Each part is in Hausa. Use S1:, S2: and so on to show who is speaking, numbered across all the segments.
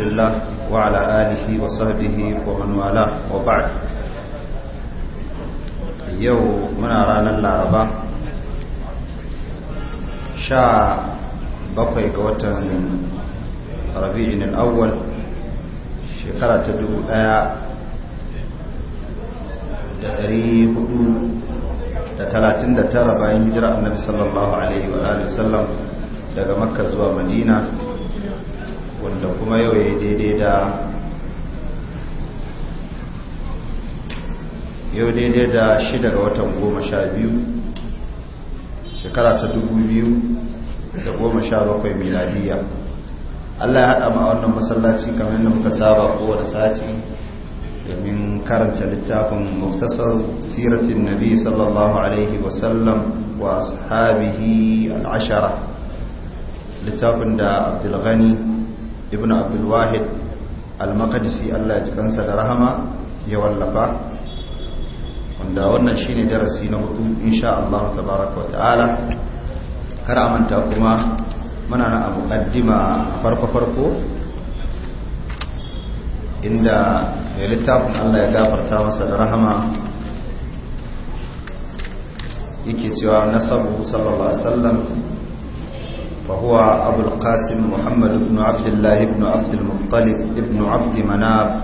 S1: رسول wa وعلى آله yau muna ranar laraba sha bakwai ga watan rabi'in al'awwal shekara ta dubu daya da dari hudu da talatin da tara bayan hijira annabi sallallahu alaihi wa sallam daga makka zuwa madina da kuma yau ya daidai da yau daidai da shida ga watan goma sha biyu shekara ta dubu biyu da goma sha bakwai miladiya allah ya haɗa ma wannan masallaci kamar yadda muka saba kowane sati domin karanta littafin muktasar siratin nabi sallallahu alaihi wasallam wa ashabihi al'ashara littafin da abdulghani ibn abdulwahid al makadisi Allah ya ji da rahama ya wallafa wanda wannan shine darasi na hudu insha Allah tabaraka wa ta'ala kar a manta kuma muna na abu kaddima farko farko inda ya littafin Allah ya gafarta masa da rahama yake cewa nasabu sallallahu alaihi wasallam وهو أبو القاسم محمد بن عبد الله بن عبد المطلب بن عبد مناب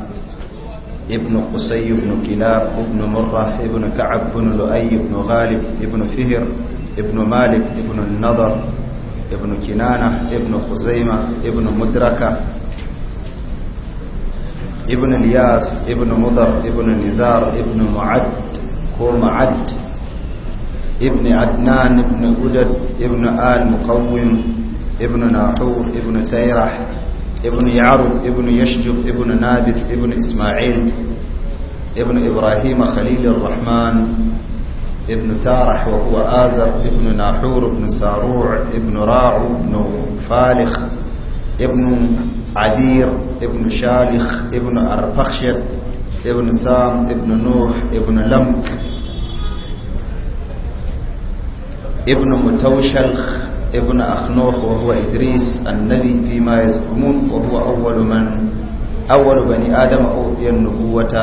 S1: ابن قصي بن كلاب ابن مرة ابن كعب بن لؤي بن غالب ابن فهر ابن مالك ابن النضر ابن كنانة ابن خزيمة ابن مدركة ابن الياس ابن مضر ابن نزار ابن معد كو معد ابن عدنان ابن أدد ابن آل مقوم ابن ناحور ابن تيرح ابن يعرب ابن يشجب ابن نابت ابن إسماعيل ابن إبراهيم خليل الرحمن ابن تارح وهو آذر ابن ناحور ابن ساروع ابن راعو ابن فالخ ابن عبير ابن شالخ ابن أرفخشب ابن سام ابن نوح ابن لمك ابن متوشخ ابن أخنوخ وهو إدريس النبي فيما يزعمون وهو أول من أول بني آدم أوتي النبوة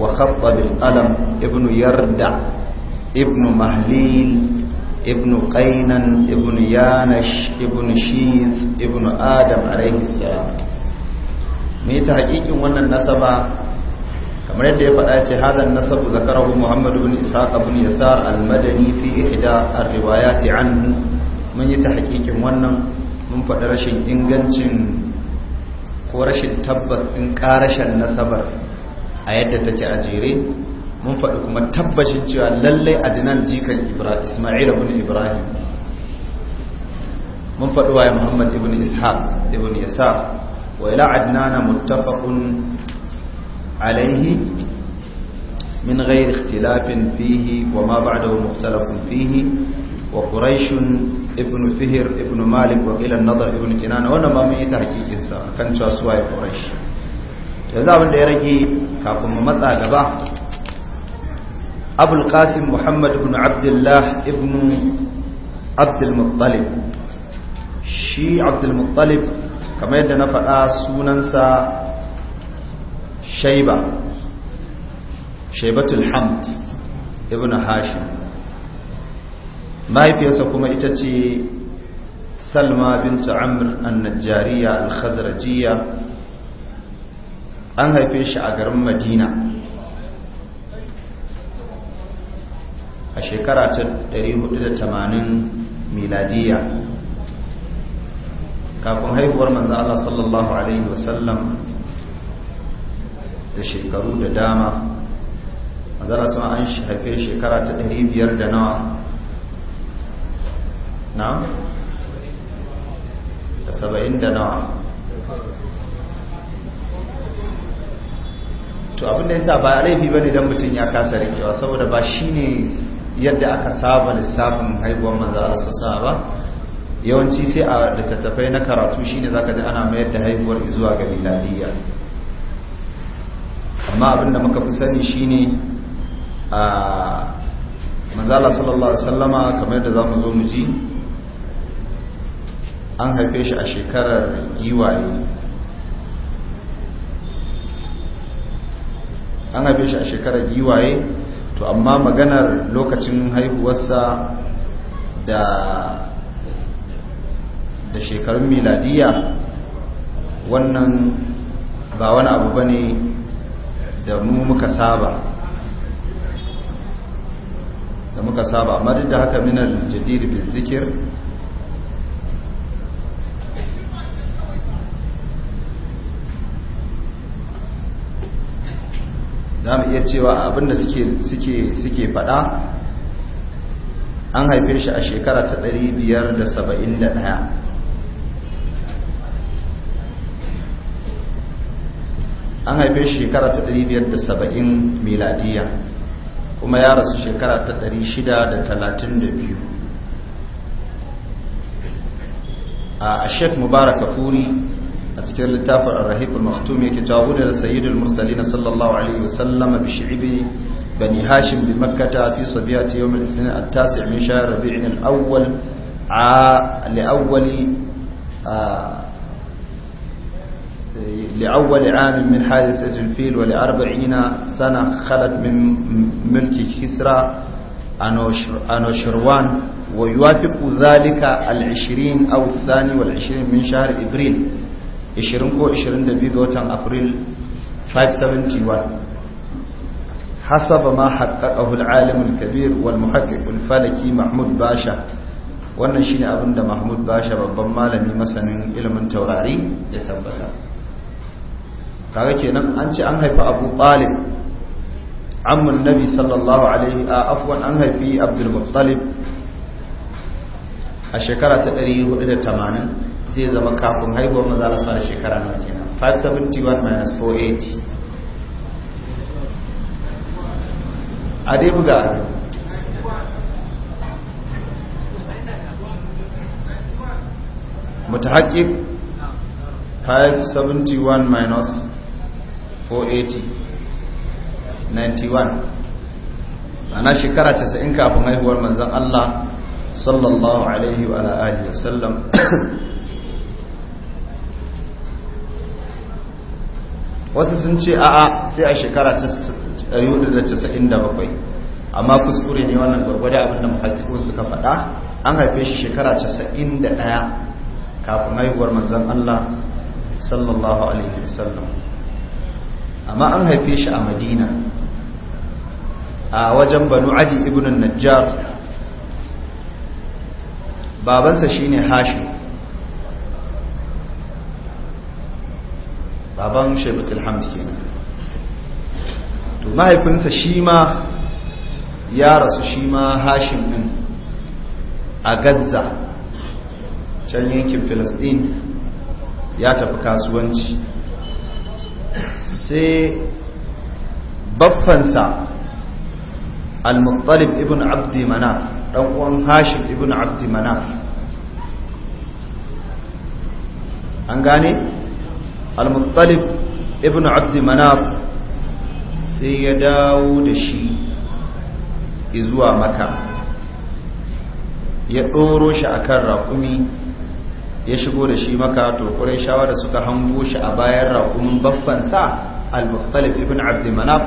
S1: وخط بالقلم ابن يردع ابن مهليل ابن قينن ابن يانش ابن شيث ابن آدم عليه السلام mai ta hakikin wannan nasaba kamar yadda ya faɗa ce hadan nasabu zakarahu muhammad bin ishaq ibn yasar al-madani fi ihda ar-riwayat anhu mun yi tahqiqin wannan mun faɗi rashin ingancin ko rashin tabbas din ƙarashen nasabar a yadda take a jere mun faɗi kuma tabbashin cewa lallai adnan jikan ismail ibn ibrahim mun faɗi wa muhammad ibn ishaq ibn yasar wa ila adnana muttafaqun عليه من غير اختلاف فيه وما بعده مختلف فيه وقريش ابن فهر ابن مالك وقيل النظر ابن كنانة وانا ما من يتحقيق انسا كان شاسواي قريش yanzu abin da ya rage kafin mu matsa gaba abul qasim muhammad ibn abdullah ibn abdul muttalib shi abdul muttalib kamar da na faɗa sunansa shaiba shaibatul hamd ibn hashim mahaifiyarsa kuma ita ce salma binta amr annajariya al jiya. an haife shi a garin madina a shekara ta 480 miladiya kafin haihuwar manzo sallallahu alaihi wasallam da shekaru da dama manzala sun an shafe shekara ta ɗari biyar da nawa na? da saba'in da nawa to abinda ya sa ba laifi ba ne don mutum ya kasa rikewa saboda ba shi ne yadda aka saba lissafin haihuwar manzala sa ba yawanci sai a littattafai na karatu shine zaka ji ana mayar da haihuwar zuwa ga miladiyya amma abin da muka fi sani shine a manzala sallallahu alaihi wasallama kamar da zamu zo mu ji an haife shi a shekarar giwaye an haife shi a shekarar giwaye to amma maganar lokacin haihuwarsa da da shekarun miladiya wannan ba wani abu bane da mu muka saba da muka saba amma duk da haka minar jadir bil zikir za mu iya cewa abinda suke fada an haife shi a shekara ta 571 an haife shekara ta 570 miladiya kuma ya rasu shekara ta 632 a shek mubarak kafuri a cikin littafin arahikul maktum yake jawo da sayyidul na sallallahu alaihi wasallam bi shi'ibi bani hashim bi makkata fi sabiyati yawm al-ithnin at-tasi' min shahr rabi'in al-awwal a li awwali لأول عام من حادثة الفيل ولأربعين سنة خلت من ملك كسرى أنوشروان ويوافق ذلك العشرين أو الثاني والعشرين من شهر إبريل إشرين كو إشرين دبيغة أبريل 571 حسب ما حققه العالم الكبير والمحقق الفلكي محمود باشا wannan shine abin da Mahmud Basha babban malami masanin ilimin taurari ya tabbata kaga kenan an ce an haifi abu talib amman nabi sallallahu alaihi a afwan an haifi abdul muttalib a shekara ta 480 zai zama kafin haihuwar manzo Allah shekara nawa kenan 571 minus 480 a dai buga 571 minus 480 91 ana shekara 90 kafin haihuwar manzan Allah sallallahu alaihi wa alihi wasallam wasu sun ce a'a sai a shekara 497 amma kuskure ne wannan gwargwada abinda muhakkikun suka faɗa an haife shi shekara 91 kafin haihuwar manzan Allah sallallahu alaihi wasallam amma an haife shi a madina a wajen banu adi ibn najjar babansa shine hashim baban shaibatul hamd kenan to mahaifinsa shi ma ya rasu shi ma hashim din a gaza can yankin filistin ya tafi kasuwanci sai baffansa al-muttalib ibn abdi manaf dan uwan hashim ibn abdi manaf an gane al-muttalib ibn abdi manaf sai ya dawo da shi izuwa maka ya ɗoro shi a kan raƙumi ya shigo da shi maka to kurai shawara suka hango shi a bayan raƙumin sa al-muqtalib ibn abd manaf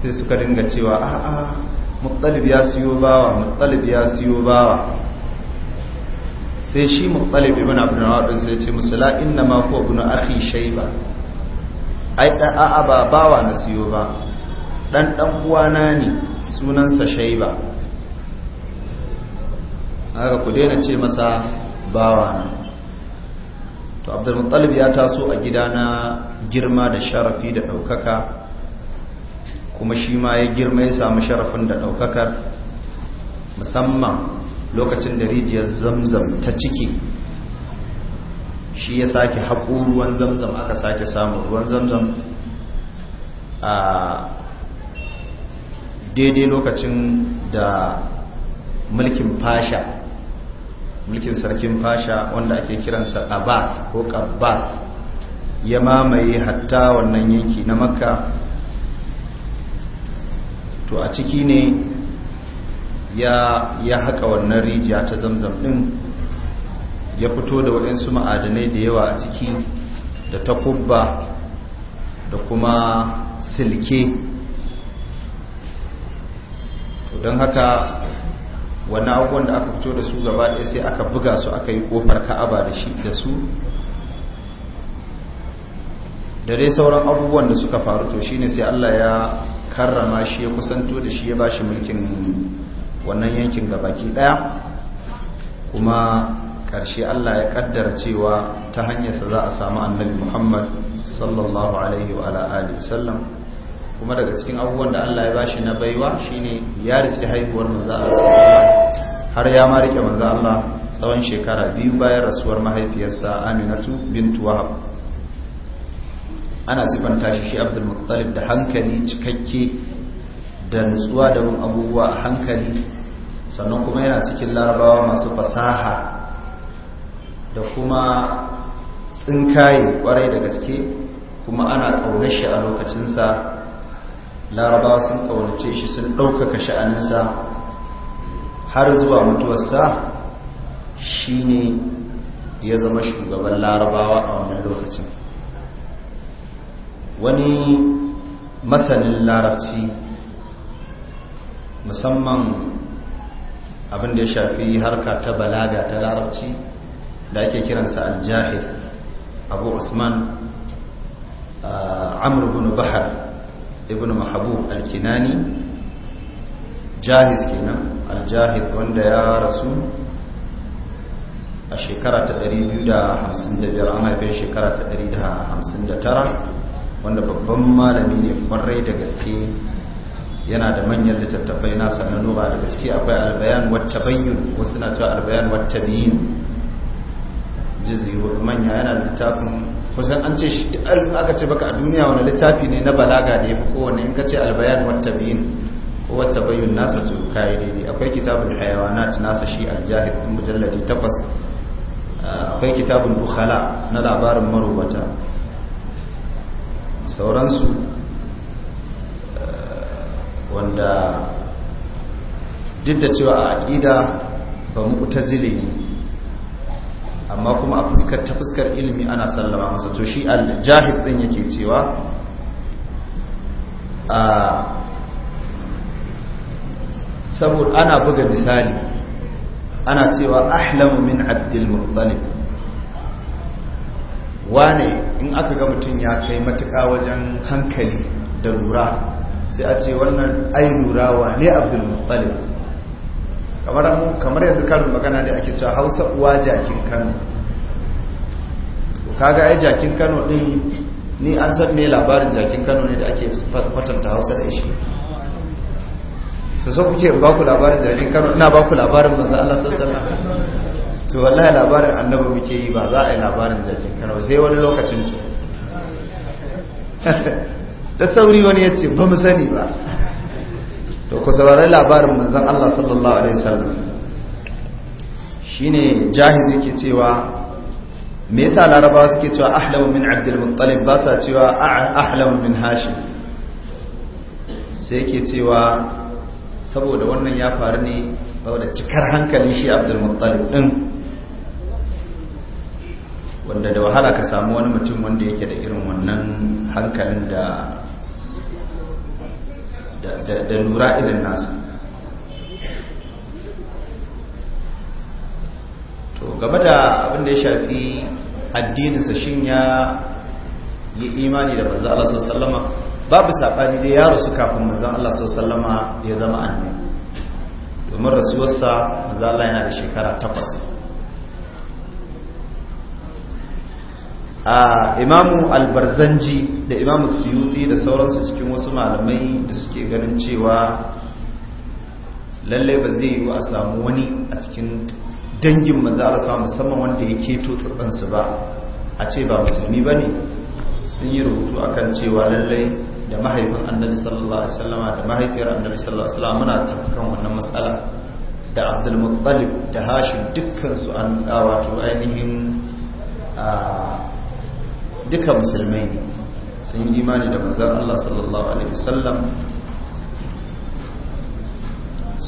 S1: sai suka dinga cewa a a muqtalib ya siyo bawa muqtalib ya siyo bawa sai shi muqtalib ibn abd manaf din sai ce musala inna ma ko ibn akhi shayba ai da a a ba bawa na siyo ba dan dan uwana ne sunansa shayba haka ku daina ce masa bawa na to abdulmuttalib ya taso a gida na girma da sharafi da ɗaukaka kuma shi ma ya girma ya samu sharafin da ɗaukakar musamman lokacin da rijiyar zamzam ta ciki shi ya sake haƙo ruwan zamzam aka sake samun ruwan zamzam a daidai lokacin da mulkin fasha mulkin sarkin fasha wanda ake kiransa Abba ko Kabbad, ya mamaye hatta wannan yanki na makka to a ciki ne ya ya haka wannan rijiya ta zamzam din ya fito da waɗansu ma'adanai da yawa a ciki da takubba da kuma silke don haka wannan abubuwan da aka fito da su gaba ɗaya sai aka buga su aka yi ƙofar ka'aba da shi da su da dai sauran abubuwan da suka faru to shi ne sai Allah ya karrama shi ya kusanto da shi ya ba shi mulkin wannan yankin gabaki ɗaya kuma ƙarshe Allah ya ƙaddara cewa ta hanyarsa za a samu annabi Muhammad sallallahu alaihi wa alihi sallam kuma daga cikin abubuwan da Allah ya bashi na baiwa shine ya riski haihuwar manzo Allah sallallahu alaihi har ya ma rike manzo Allah tsawon shekara biyu bayan rasuwar mahaifiyarsa Aminatu bintu Wahab ana sifanta shi shi Abdul Muttalib da hankali cikakke da nutsuwa da mun abubuwa a hankali sannan kuma yana cikin larabawa masu fasaha da kuma tsinkaye kwarai da gaske kuma ana ƙaunar shi a lokacinsa larabawa sun ƙaunace shi sun ɗaukaka sha'aninsa har zuwa mutuwarsa shi ne ya zama shugaban larabawa a wannan lokacin wani masanin larabci musamman abin da ya shafi harka ta balaga ta larabci da ake kiransa aljahid abu usman ah, amur bin bahar ibn mahabub alkinani jahiz kenan aljahid wanda ya rasu a shekara ta 255 ana bai shekara ta 159 wanda babban malami ne kwarai da gaske yana da manyan littattafai na na nura da gaske akwai albayan wata bayyun wasu na cewa albayan wata biyin jizi manya yana littafin kusan an ce shi aka ce baka a duniya wani littafi ne na balaga da ya fi kowane in ka ce albayan wata biyin wata bayyun nasa su kayi daidai akwai kitabul hayawanat nasa shi al ɗin mujalladi takwas ah, akwai kitabun bukhala na labarin marubata sauransu ah, wanda duk da cewa a aƙida ba mu'tazili zilegi amma kuma a fuskar ta fuskar ilimi ana sallama masa to shi al-jahid din yake cewa a ah, saboda ana buga misali ana cewa ahlamu min abdul muttalib wane in aka ga mutum ya kai matuƙa wajen hankali da lura sai a ce wannan ai lura wane abdul muttalib kamar yanzu karin magana da ake cewa hausa uwa jakin kano kaga ai jakin kano din ni an san me labarin jakin kano ne da ake fatanta hausa da shi to so kuke ba baku labarin jami'in kano ina baku labarin manzo Allah sallallahu alaihi to wallahi labarin annaba muke yi ba za a yi labarin jami'in kano sai wani lokacin to da sauri wani ya ce ba mu sani ba to ku saurari labarin manzan Allah sallallahu alaihi wasallam shine jahiz yake cewa me yasa larabawa suke cewa ahlamu min abdul muttalib ba sa cewa ahlamu min hashim sai yake cewa saboda wannan ya faru ne saboda cikar hankalin shi abdulmuttalib din wanda da wahala ka samu wani mutum wanda yake da irin wannan hankalin da da lura irin nasa to gaba da abin da ya shafi addininsa shin ya yi imani da manzo Allah sallallahu alaihi babu saɓani dai ya rasu kafin manzan Allah sau sallama ya zama annabi domin rasuwarsa manzan Allah yana da shekara takwas a imamu albarzanji da imamu suyuti da sauransu cikin wasu malamai da suke ganin cewa lallai ba zai yi a samu wani a cikin dangin manzara sama musamman wanda ya keto tsirransu ba a ce ba musulmi ba ne sun yi rubutu akan cewa lallai da mahaifin annabi sallallahu alaihi wasallam da mahaifiyar annabi sallallahu alaihi wasallam muna tafakan wannan matsala da abdul muttalib da hashim dukkan su an wato ainihin duka musulmai ne sun yi imani da manzon Allah sallallahu alaihi wasallam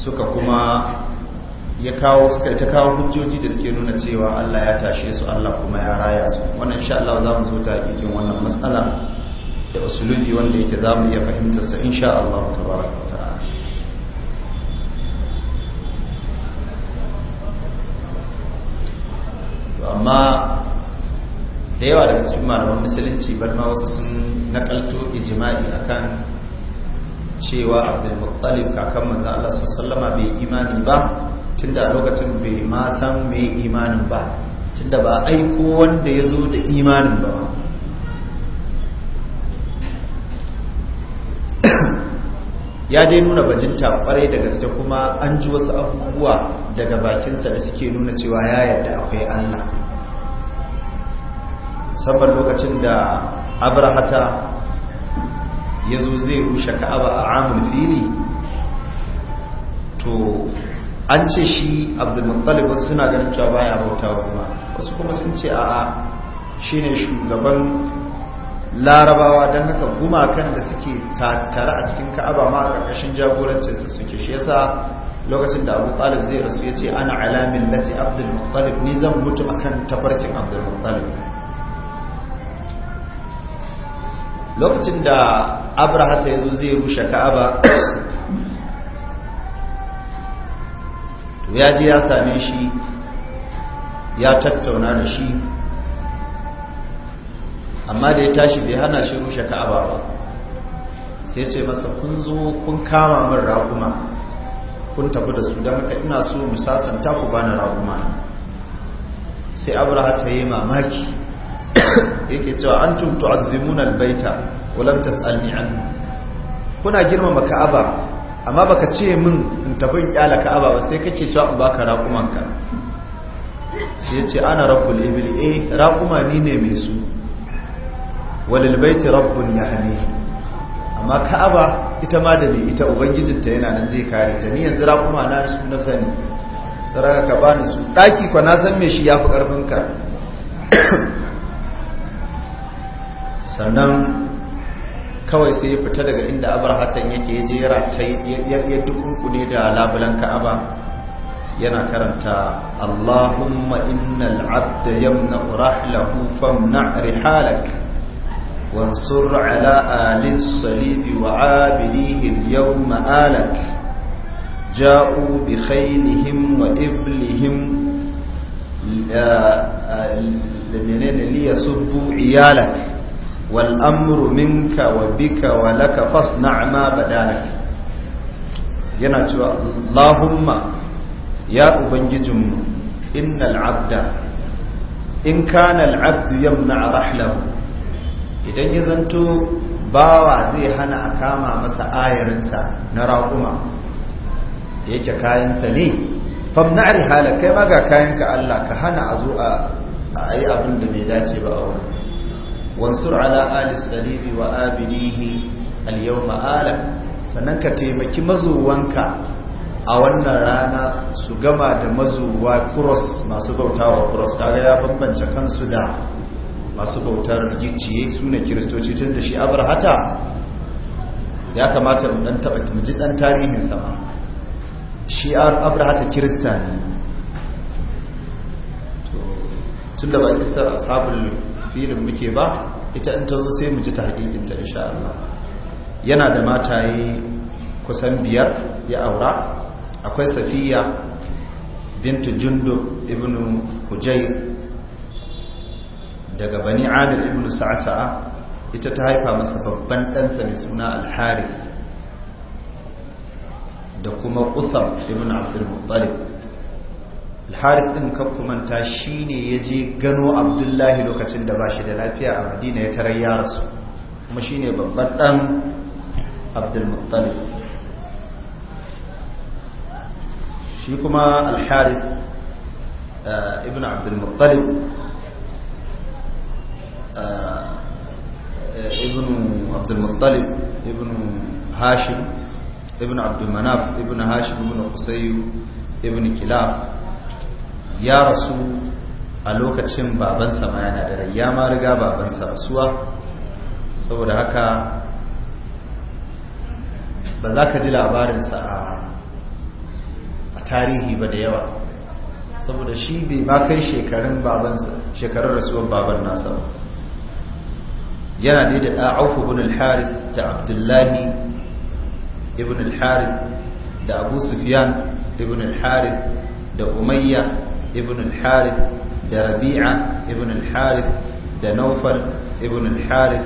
S1: suka kuma ya kawo suka ta kawo hujjoji da suke nuna cewa Allah ya tashe su Allah kuma ya raya su wannan insha Allah za mu zo ta cikin wannan matsala da usulubi wanda yake za mu iya fahimtarsa insha Allah tabaraka ta'ala amma da yawa daga cikin malaman musulunci bar ma wasu sun nakalto ijma'i akan cewa abdul muttalib kakan manzo Allah sallama bai imani ba tunda lokacin bai ma san mai imanin ba tunda ba aiko wanda ya zo da imanin ba ya dai nuna bajinta kwarai da gaske kuma an ji wasu abubuwa daga bakinsa da suke nuna cewa ya yadda akwai Allah sabar lokacin da abrahata ya zo zai rushe ka'aba a amul fili to an ce shi abdulmuttalib suna ganin cewa baya bauta kuma wasu kuma sun ce a'a shine shugaban larabawa don haka gumakan da suke tare a cikin ka'aba ma a ƙarƙashin jagorancinsa suke shi yasa lokacin da abu talib zai rasu ya ce ana alamin lati abdul muttalib ni zan mutu a kan tafarkin abdul muttalib lokacin da abraha ta zo zai rushe ka'aba to ya je ya same shi ya tattauna da shi amma da ya tashi bai hana shi rushe ka'aba ba sai ce masa kun zo kun kama min raƙuma kun tafi da su don haka ina so mu sasanta ku bani raƙuma sai abraha ta yi mamaki yake cewa an tuntu azzimuna albaita walam tas'alni an kuna girmama ka'aba amma baka ce min in tafi in kyala ka'aba ba sai kake cewa in baka raƙumanka sai ce ana rabbul ibil eh raƙuma ni ne mai su walil baiti rabbun yahmihi amma ka'aba ita ma da ne ita ubangijinta yana nan zai kare ta ni yanzu kuma na su na sani saraka ka bani su daki kwa na san me shi yafi karfin ka sannan kawai sai ya fita daga inda abrahatan yake ya jera ta ya ne da labulan ka'aba yana karanta Allahumma innal abda yamna rahlahu famna rihalak وانصر على آل الصليب وعابديه اليوم آلك جاءوا بخيلهم وإبلهم ليسبوا عيالك والأمر منك وبك ولك فاصنع ما بدالك ينتوى اللهم يا أبنججم إن العبد إن كان العبد يمنع رحله idan ya zanto bawa zai hana a kama masa ayarinsa na raƙuma da yake kayansa ne famna alhala kai ma ga kayanka Allah ka hana a zo a yi abin da bai dace ba a wani wansur ala alis salibi wa abinihi alyawma Ma'ala sannan ka taimaki mazuwanka a wannan rana su gama da mazuwa kuros masu bautawa kuros kaga ya bambance kansu da masu bautar gicciye su ne kiristoci tun da shi abrahata ya kamata ɗan taɓa mu ji dan tarihin ba shi abrahata kirista ne tun da ba kisar ashabul filin muke ba ita in tazo sai mu ji ta hakikinta insha Allah yana da mataye kusan biyar ya aura akwai safiya bintu jundu ibnu hujayr daga bani adar ibn sasa'a ita ta haifa masa babban ɗansa mai suna alharif da kuma kusam ibn abdulmuttalib alharif ɗin kakkumanta shi ne ya je gano abdullahi lokacin da ba shi da lafiya a madina ya tarar rasu kuma shi ne babban ɗan abdulmuttalib shi kuma alharif eh, ibn المطلب ابن هاشم hashim عبد abdulmanaf ابن hashim ابن husayu ابن kilaf ya رسول a lokacin babansa ma yana da rayya ya ma riga babansa rasuwa saboda haka ba za ka ji labarinsa a tarihi ba da yawa saboda shi bai ba kai shekarun babansa shekarun rasuwar baban nasa ba yana daidai da aufu ibn al-haris da abdullahi ibn al-haris da abu sufyan ibn al-haris da umayya ibn al-haris da rabi'a ibn al-haris da naufal ibn al-haris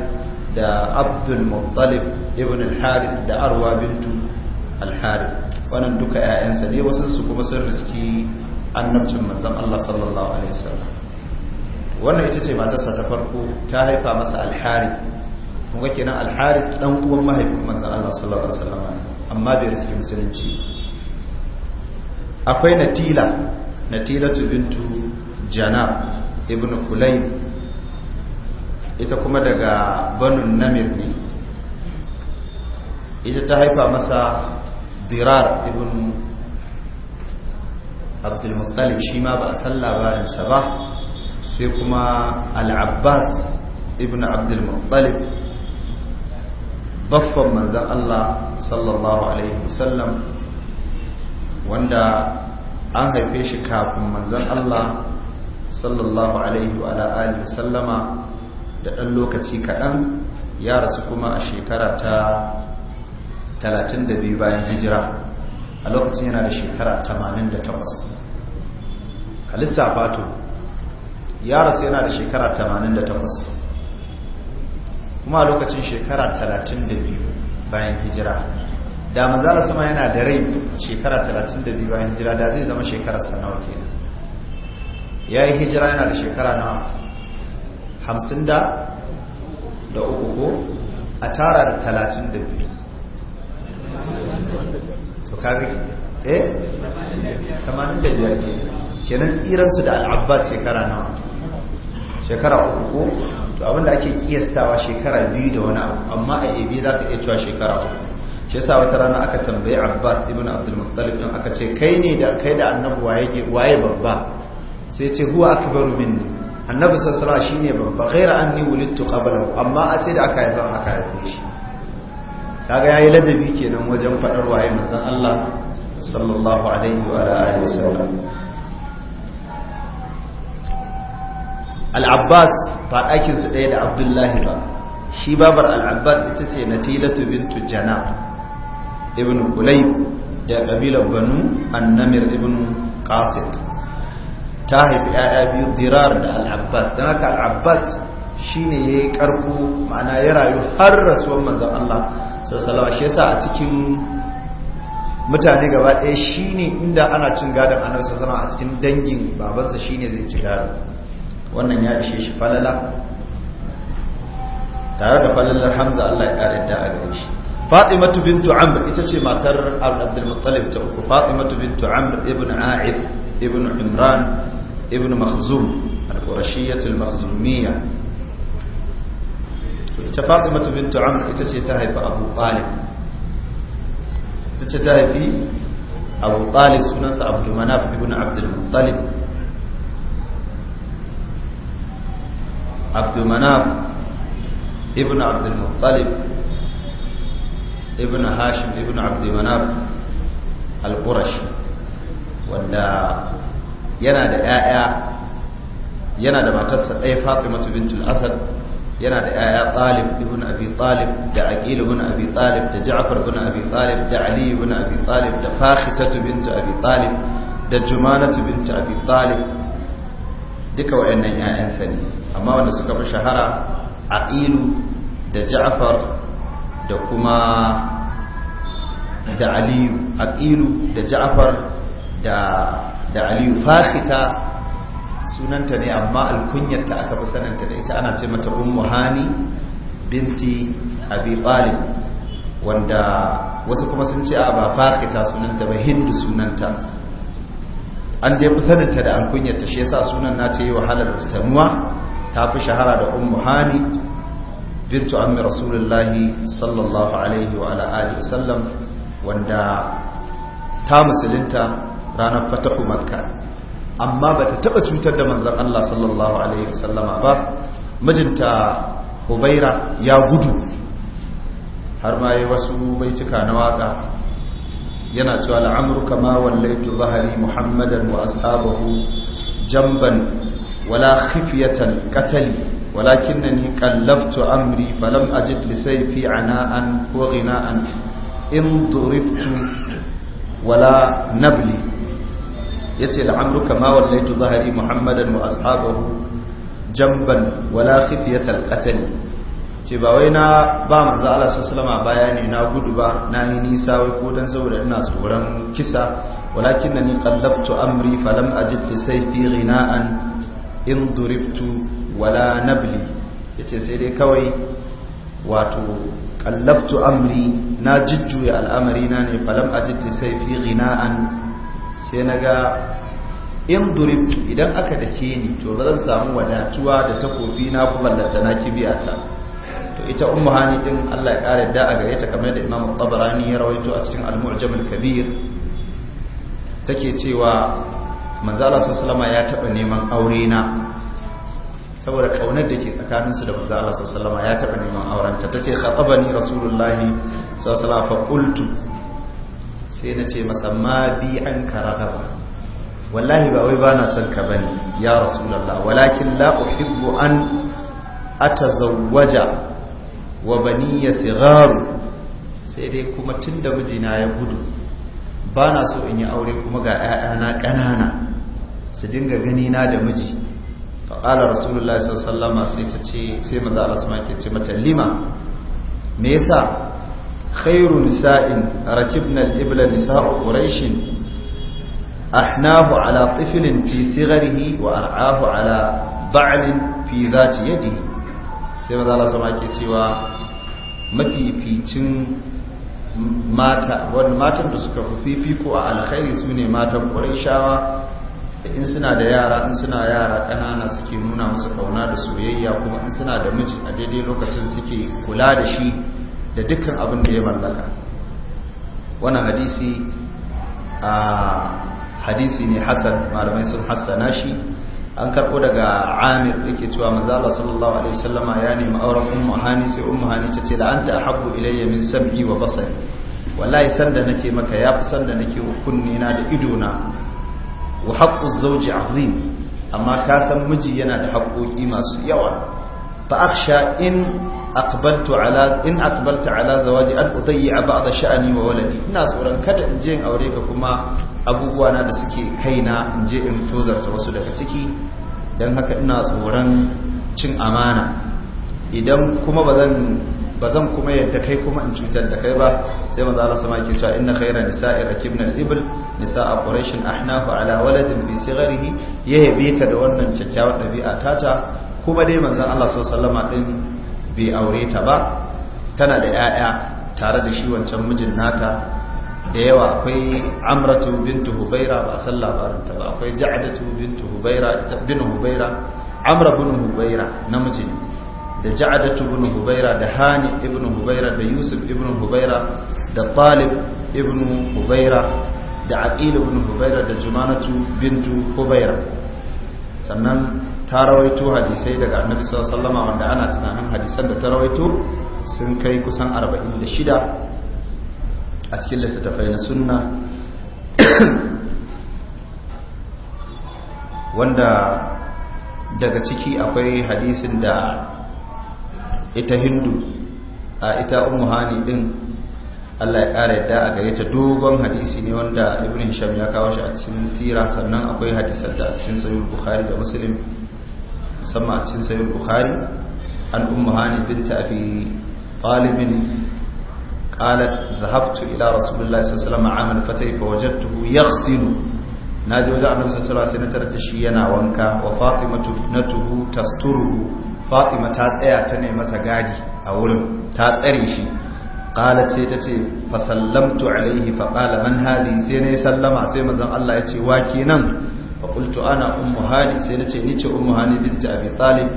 S1: da abdul muttalib ibn al-haris da arwa bintu al-haris wannan duka 'ya'yansa ne wasu su kuma sun riski annabcin manzon Allah sallallahu alaihi wasallam wannan ita ce matarsa ta farko ta haifa masa alharith kuma kenan alharith dan uwan mahaifin manzon Allah sallallahu alaihi wasallam amma bai riski musulunci akwai natila natilatu bintu jana, ibn kulayb ita kuma daga banu namir ne ita ta haifa masa dirar ibn abdulmuttalib shi ma ba a san labarinsa ba sai kuma al'abbas ibn abdul baffan manzan Allah sallallahu alaihi wasallam wanda an haife shi kafin manzan Allah sallallahu alaihi wasallama da ɗan lokaci kaɗan ya rasu kuma a shekara ta 32 bayan hijira a lokacin yana da shekara 88 ka lissafa ya rasu yana da shekara 88 kuma a lokacin shekara 32 bayan hijira da manzala sama yana da rai shekara 32 bayan hijira da zai zama shekarar ke nan ya yi hijira yana da shekara nawa hamsin da da uku ko a tara da talatin da biyu to kari eh 85 kenan tsiransu da al'abbas shekara nawa shekara uku ko to abinda ake kiyastawa shekara biyu da wani abu amma a ebe za ka iya cewa shekara uku shi yasa wata rana aka tambayi abbas ibn abdul muttalib din aka ce kai ne da kai da annabi waye waye babba sai ce huwa akbaru minni annabi sallallahu alaihi wasallam shine babba ghaira anni wulidtu qabla amma a sai da aka ban aka yi shi kaga yayi ladabi kenan wajen fadar waye manzon Allah sallallahu alaihi wa alihi wasallam Al'abbas abbas ba ɗakinsu ɗaya da abdullahi ba shi babar al ita ce natilatu bintu jana ibn gulai da ƙabilar banu annamir ibn qasid ta haifi ‘ya'ya biyu dirar da Al'abbas. abbas don haka al-abbas shi ne ya yi ƙarko ma'ana ya rayu har rasuwan manzan Allah sassalawa shi yasa a cikin mutane gaba ɗaya shi ne inda ana cin gadon annabi sassalawa a cikin dangin babansa shi ne zai ci gadon wannan ya ishe shi falala tare da falalar hamza Allah ya kare da a gare shi fatimatu bintu amr ita ce matar abdul muttalib ta uku fatimatu bintu amr ibn a'if ibn imran ibn makhzum al-qurashiyyah al-makhzumiyya ita fatimatu bintu amr ita ce ta haifa abu talib ita ce ta haifi abu talib sunansa abdul manaf ibn abdul muttalib abdu manaf ibn abdul muttalib ibn hashim ibn abdu manaf al qurash wanda yana da ƴaƴa yana da matarsa ɗaya fatimatu bintul asad yana da yaya talib ibn abi talib da aqil ibn abi talib da ja'far ibn abi talib da ali ibn abi talib da fakhitatu bint abi talib da jumanatu bint abi talib duka waɗannan ƴaƴansa ne amma wanda suka fi shahara a Ilu da ja'far da kuma da aliyu a Ilu da ja'far da aliyu fashita sunanta ne amma alkunyarta aka fi sananta da ita ana ce mata ummu hani binti abi talib wanda wasu kuma sun ce a ba fashita sunanta ba hindu sunanta an dai fi sananta da alkunyarta shi yasa sunan na ce yi wahalar samuwa ta fi shahara da ummu hani bintu ammi rasulullahi sallallahu alaihi wa alihi sallam. wanda ta Musulinta ranar fatahu makka amma ba ta taɓa cutar da manzan Allah sallallahu alaihi wa wasallama ba mijinta hubaira ya gudu har ma yi wasu mai cika na waƙa yana cewa la'amurka ma wallaitu zahari muhammadan wa ashabahu jamban ولا خفية القتل ولكنني قلبت أمري فلم أجد لسيفي عناء وغناء إن ضربت ولا نبلي يتي العمر كما وليت ظهري محمدا وأصحابه جنبا ولا خفية القتل ce ba wai na ba manzo Allah sallallahu baya ne na gudu ba na ni nisa wai ko dan saboda ina tsoron kisa walakin ni qallabtu amri falam ajid li sayfi ghina'an in duribtu wala nabli yace sai dai kawai wato kallabtu amri na jujjuya al'amari na ne falam ajid sai fi ghina'an sai naga in duribtu idan aka dake ni to zan samu wadatuwa da takofi na kuma da na ta. to ita ummu hani din Allah ya kare da a gare ta kamar da Imam Tabarani ya rawaito a cikin Al-Mu'jam al-Kabir take cewa manzala sallama ya taba neman aure na saboda ƙaunar da ke tsakaninsu da manzala sallama ya taba neman aurenta tace khatabani rasulullahi sallallahu fa qultu sai na ce masa ma bi an ba wallahi ba wai na son ka bane ya rasulullah walakin la uhibbu an atazawwaja wa ya sigaru sai dai kuma tunda mijina ya gudu ba na so in yi aure kuma ga 'ya'yana ƙanana su dinga gani na da miji faƙalar rasulullah sallama sai ta ce sai maza alasma ke ce mata lima me yasa khairu nisa'in rakibnal ibla nisa'u quraishin ahnahu ala tiflin fi sigharihi wa ar'ahu ala ba'lin fi zati yadihi sai maza alasma ke cewa mafificin mata wani matan da suka fi fifiko a alkhairi su ne matan ƙwarishawa in suna da yara in suna yara ƙanana suke nuna musu kauna da soyayya kuma in suna da miji a daidai lokacin suke kula da shi da dukkan abin da ya mallaka wannan hadisi a hadisi ne hasan malamai sun hassana shi an karɓo daga amir yake cewa manzala sallallahu alaihi wasallam ya nemi auren ummu hani sai ummu hani ta ce la'anta ahabbu ilayya min sam'i wa basari wallahi sanda nake maka yafi sanda nake kunne na da idona wa haqqu zauji azim amma ka san miji yana da haƙoƙi masu yawa fa sha in aqbaltu ala in aqbalta ala a an da sha'ani wa waladi ina tsoron kada in je in aure ka kuma abubuwa na da suke kaina in je in tozarta wasu daga ciki dan haka ina tsoron cin amana idan kuma ba zan ba zan kuma yadda kai kuma in cutar da kai ba sai maza Allah sama ke cewa inna khayra nisa'i rakibn al-ibl nisa'a quraish ku ala waladin fi ya yahe ta da wannan kyakkyawar dabi'a tata kuma dai manzon Allah sallallahu alaihi din bai aure ta ba tana da 'ya'ya tare da shi wancan mijin nata da yawa akwai amratu bintu hubaira ba san ta ba akwai ja'adatu bintu hubaira bin hubaira amra bin hubaira namiji ne da ja'adat ibn hubaira da hani ibn hubaira da yusuf ibn hubaira da talib ibn hubaira da aqil ibn hubaira da jumanatu bintu hubaira sannan ta rawaito hadisai daga annabi sallallahu alaihi wasallam wanda ana tunanin hadisan da ta rawaito sun kai kusan 46 a cikin littattafai na sunna wanda daga ciki akwai hadisin da ita hindu a ita ummu hani din
S2: Allah ya kara yadda a gare ta dogon hadisi ne wanda ibn sham ya kawo shi a cikin sira sannan akwai hadisan da a cikin sahih bukhari da muslim
S1: musamman a cikin sahih bukhari an ummu hani binta abi طالب قالت ذهبت إلى رسول fa صلى الله عليه وسلم عام الفتح فوجدته يغسل ناجي وجاء النبي صلى الله عليه وسلم ترك شينا وانكا وفاطمة ابنته تستره fatima ta tsaya ta ne masa gadi a wurin ta tsare shi qalat sai ta ce fa sallamtu alaihi fa qala man hadi sai ne sallama sai manzon Allah ya ce wa nan fa qultu ana ummu hadi sai na ce ni ce ummu hadi binti abi talib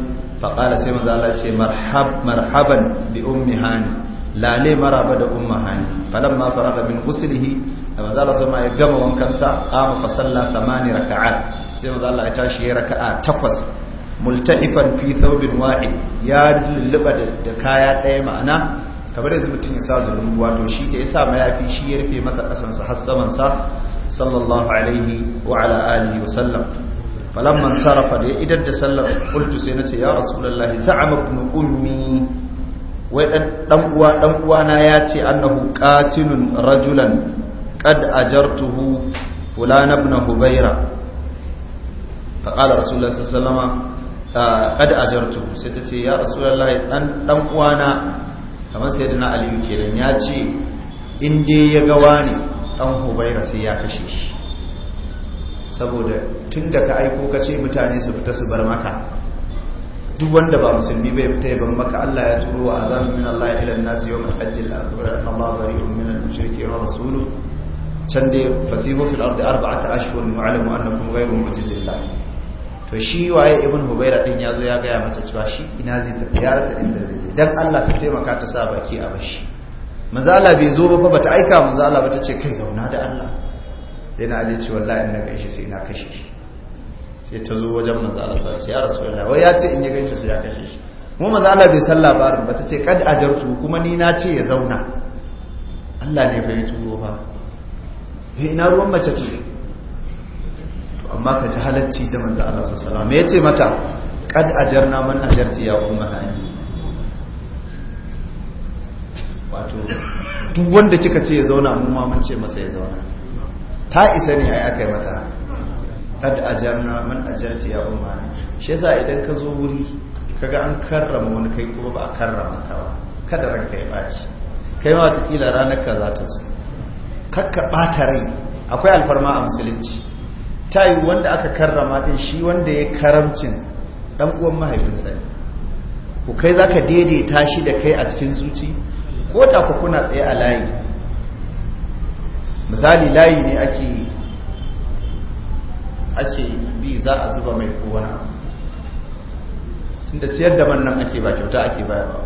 S1: fa qala sai manzon Allah ya ce marhaban bi ummi hani lale maraba da ummu hani falamma faraga min ghuslihi manzon Allah sai ma ya gama wankan sa qama fa salla 8 raka'at sai manzon Allah ya tashi ya raka'a takwas. multa'ifan fi thawbin wahid ya lulluba da kaya ɗaya ma'ana kamar yanzu mutum ya sa zulumbu wato shi da ya sa mayafi shi ya rufe masa ƙasansa har samansa sallallahu alaihi wa ala alihi wa sallam man sarafa da ya idar da sallar qultu sai ce ya rasulullahi za'ama ibn ummi wai dan uwa dan uwa na ce annahu qatilun rajulan qad ajartuhu fulan ibn hubayra فقال رسول الله صلى الله عليه وسلم kada ajartu sai ta ce ya rasulullahi dan dan uwana kamar sayyidina aliyu kenan ya ce in dai ya ga wani dan hubaira sai ya kashe shi saboda tun da ka aiko ka ce mutane su fita su bar maka duk wanda ba musulmi bai fita ya ban maka Allah ya turo wa azamin min Allah ila an-nas yawm al-hajj al-akbar Allah bari'un min al-mushrikeen wa rasuluhu can dai fasihu fil ardi arba'ata ashhur alamu annakum ghayru mu'jizillah to shi waye ibn hubaira din yazo ya gaya mata cewa shi ina zai tafi ya rasa inda zai je dan Allah ta taimaka ta sa baki a bashi manzo Allah bai zo ba bata aika manzo Allah ba tace kai zauna da Allah sai na ali ce wallahi in na gaishe sai na kashe shi sai ta zo wajen manzo Allah sai ce ya rasulullahi wai ya ce in ya shi sai ya kashe shi mu manzo Allah bai san labarin ba ta ce kad ajartu kuma ni na ce ya zauna Allah ne bai turo ba eh, ina ruwan mace tuzo amma ka ji halacci da manzo Allah sallallahu alaihi yace mata kad ajarna man ajarti ya ummahani wato duk wanda kika ce ya zauna mu ma mun ce masa ya zauna ta isa ne ai akai mata kad ajarna man ajarti ya ummahani shi yasa idan ka zo wuri kaga an karrama wani kai kuma ba a karrama ka ba kada ranka ya baci kai ma ta kila ranar ka za ta zo kakka bata rai akwai alfarma a musulunci ta tayi wanda aka karrama din shi wanda ya karamcin dan uwan mahaifinsa ne ku kai zaka daidaita shi da kai a cikin zuci ko da ku kuna tsaye a layi misali layi ne ake ake bi za a zuba mai ko tunda siyar da man nan ake ba kyauta ake bayarwa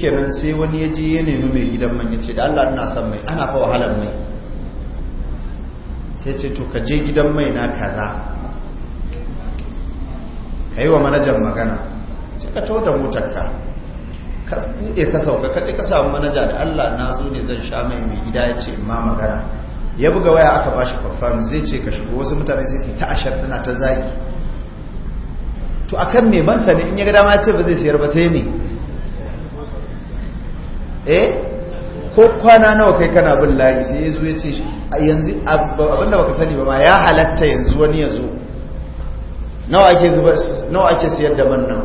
S1: kenan sai wani ya je ya nemi mai gidan man ya ce da Allah ina son mai ana fa wahalar mai sai ce to ka je gidan mai na kaza
S2: ka yi wa manajan magana
S1: sai ka to da motarka ka buɗe ka sauka ka ce ka samu manaja da allah na zo ne zan sha mai mai gida ya ce ma magana ya buga waya aka ba shi kwafan zai ce ka shigo wasu mutane zai su ta ashar suna ta zagi to akan me ban sani in ya gada dama ce ba zai siyar ba sai ne eh ko kwana nawa kai kana bin layi sai ya ya ce yanzu abinda baka sani ba ma ya halatta yanzu wani ya zo nawa ake zubar nawa ake siyar da man nan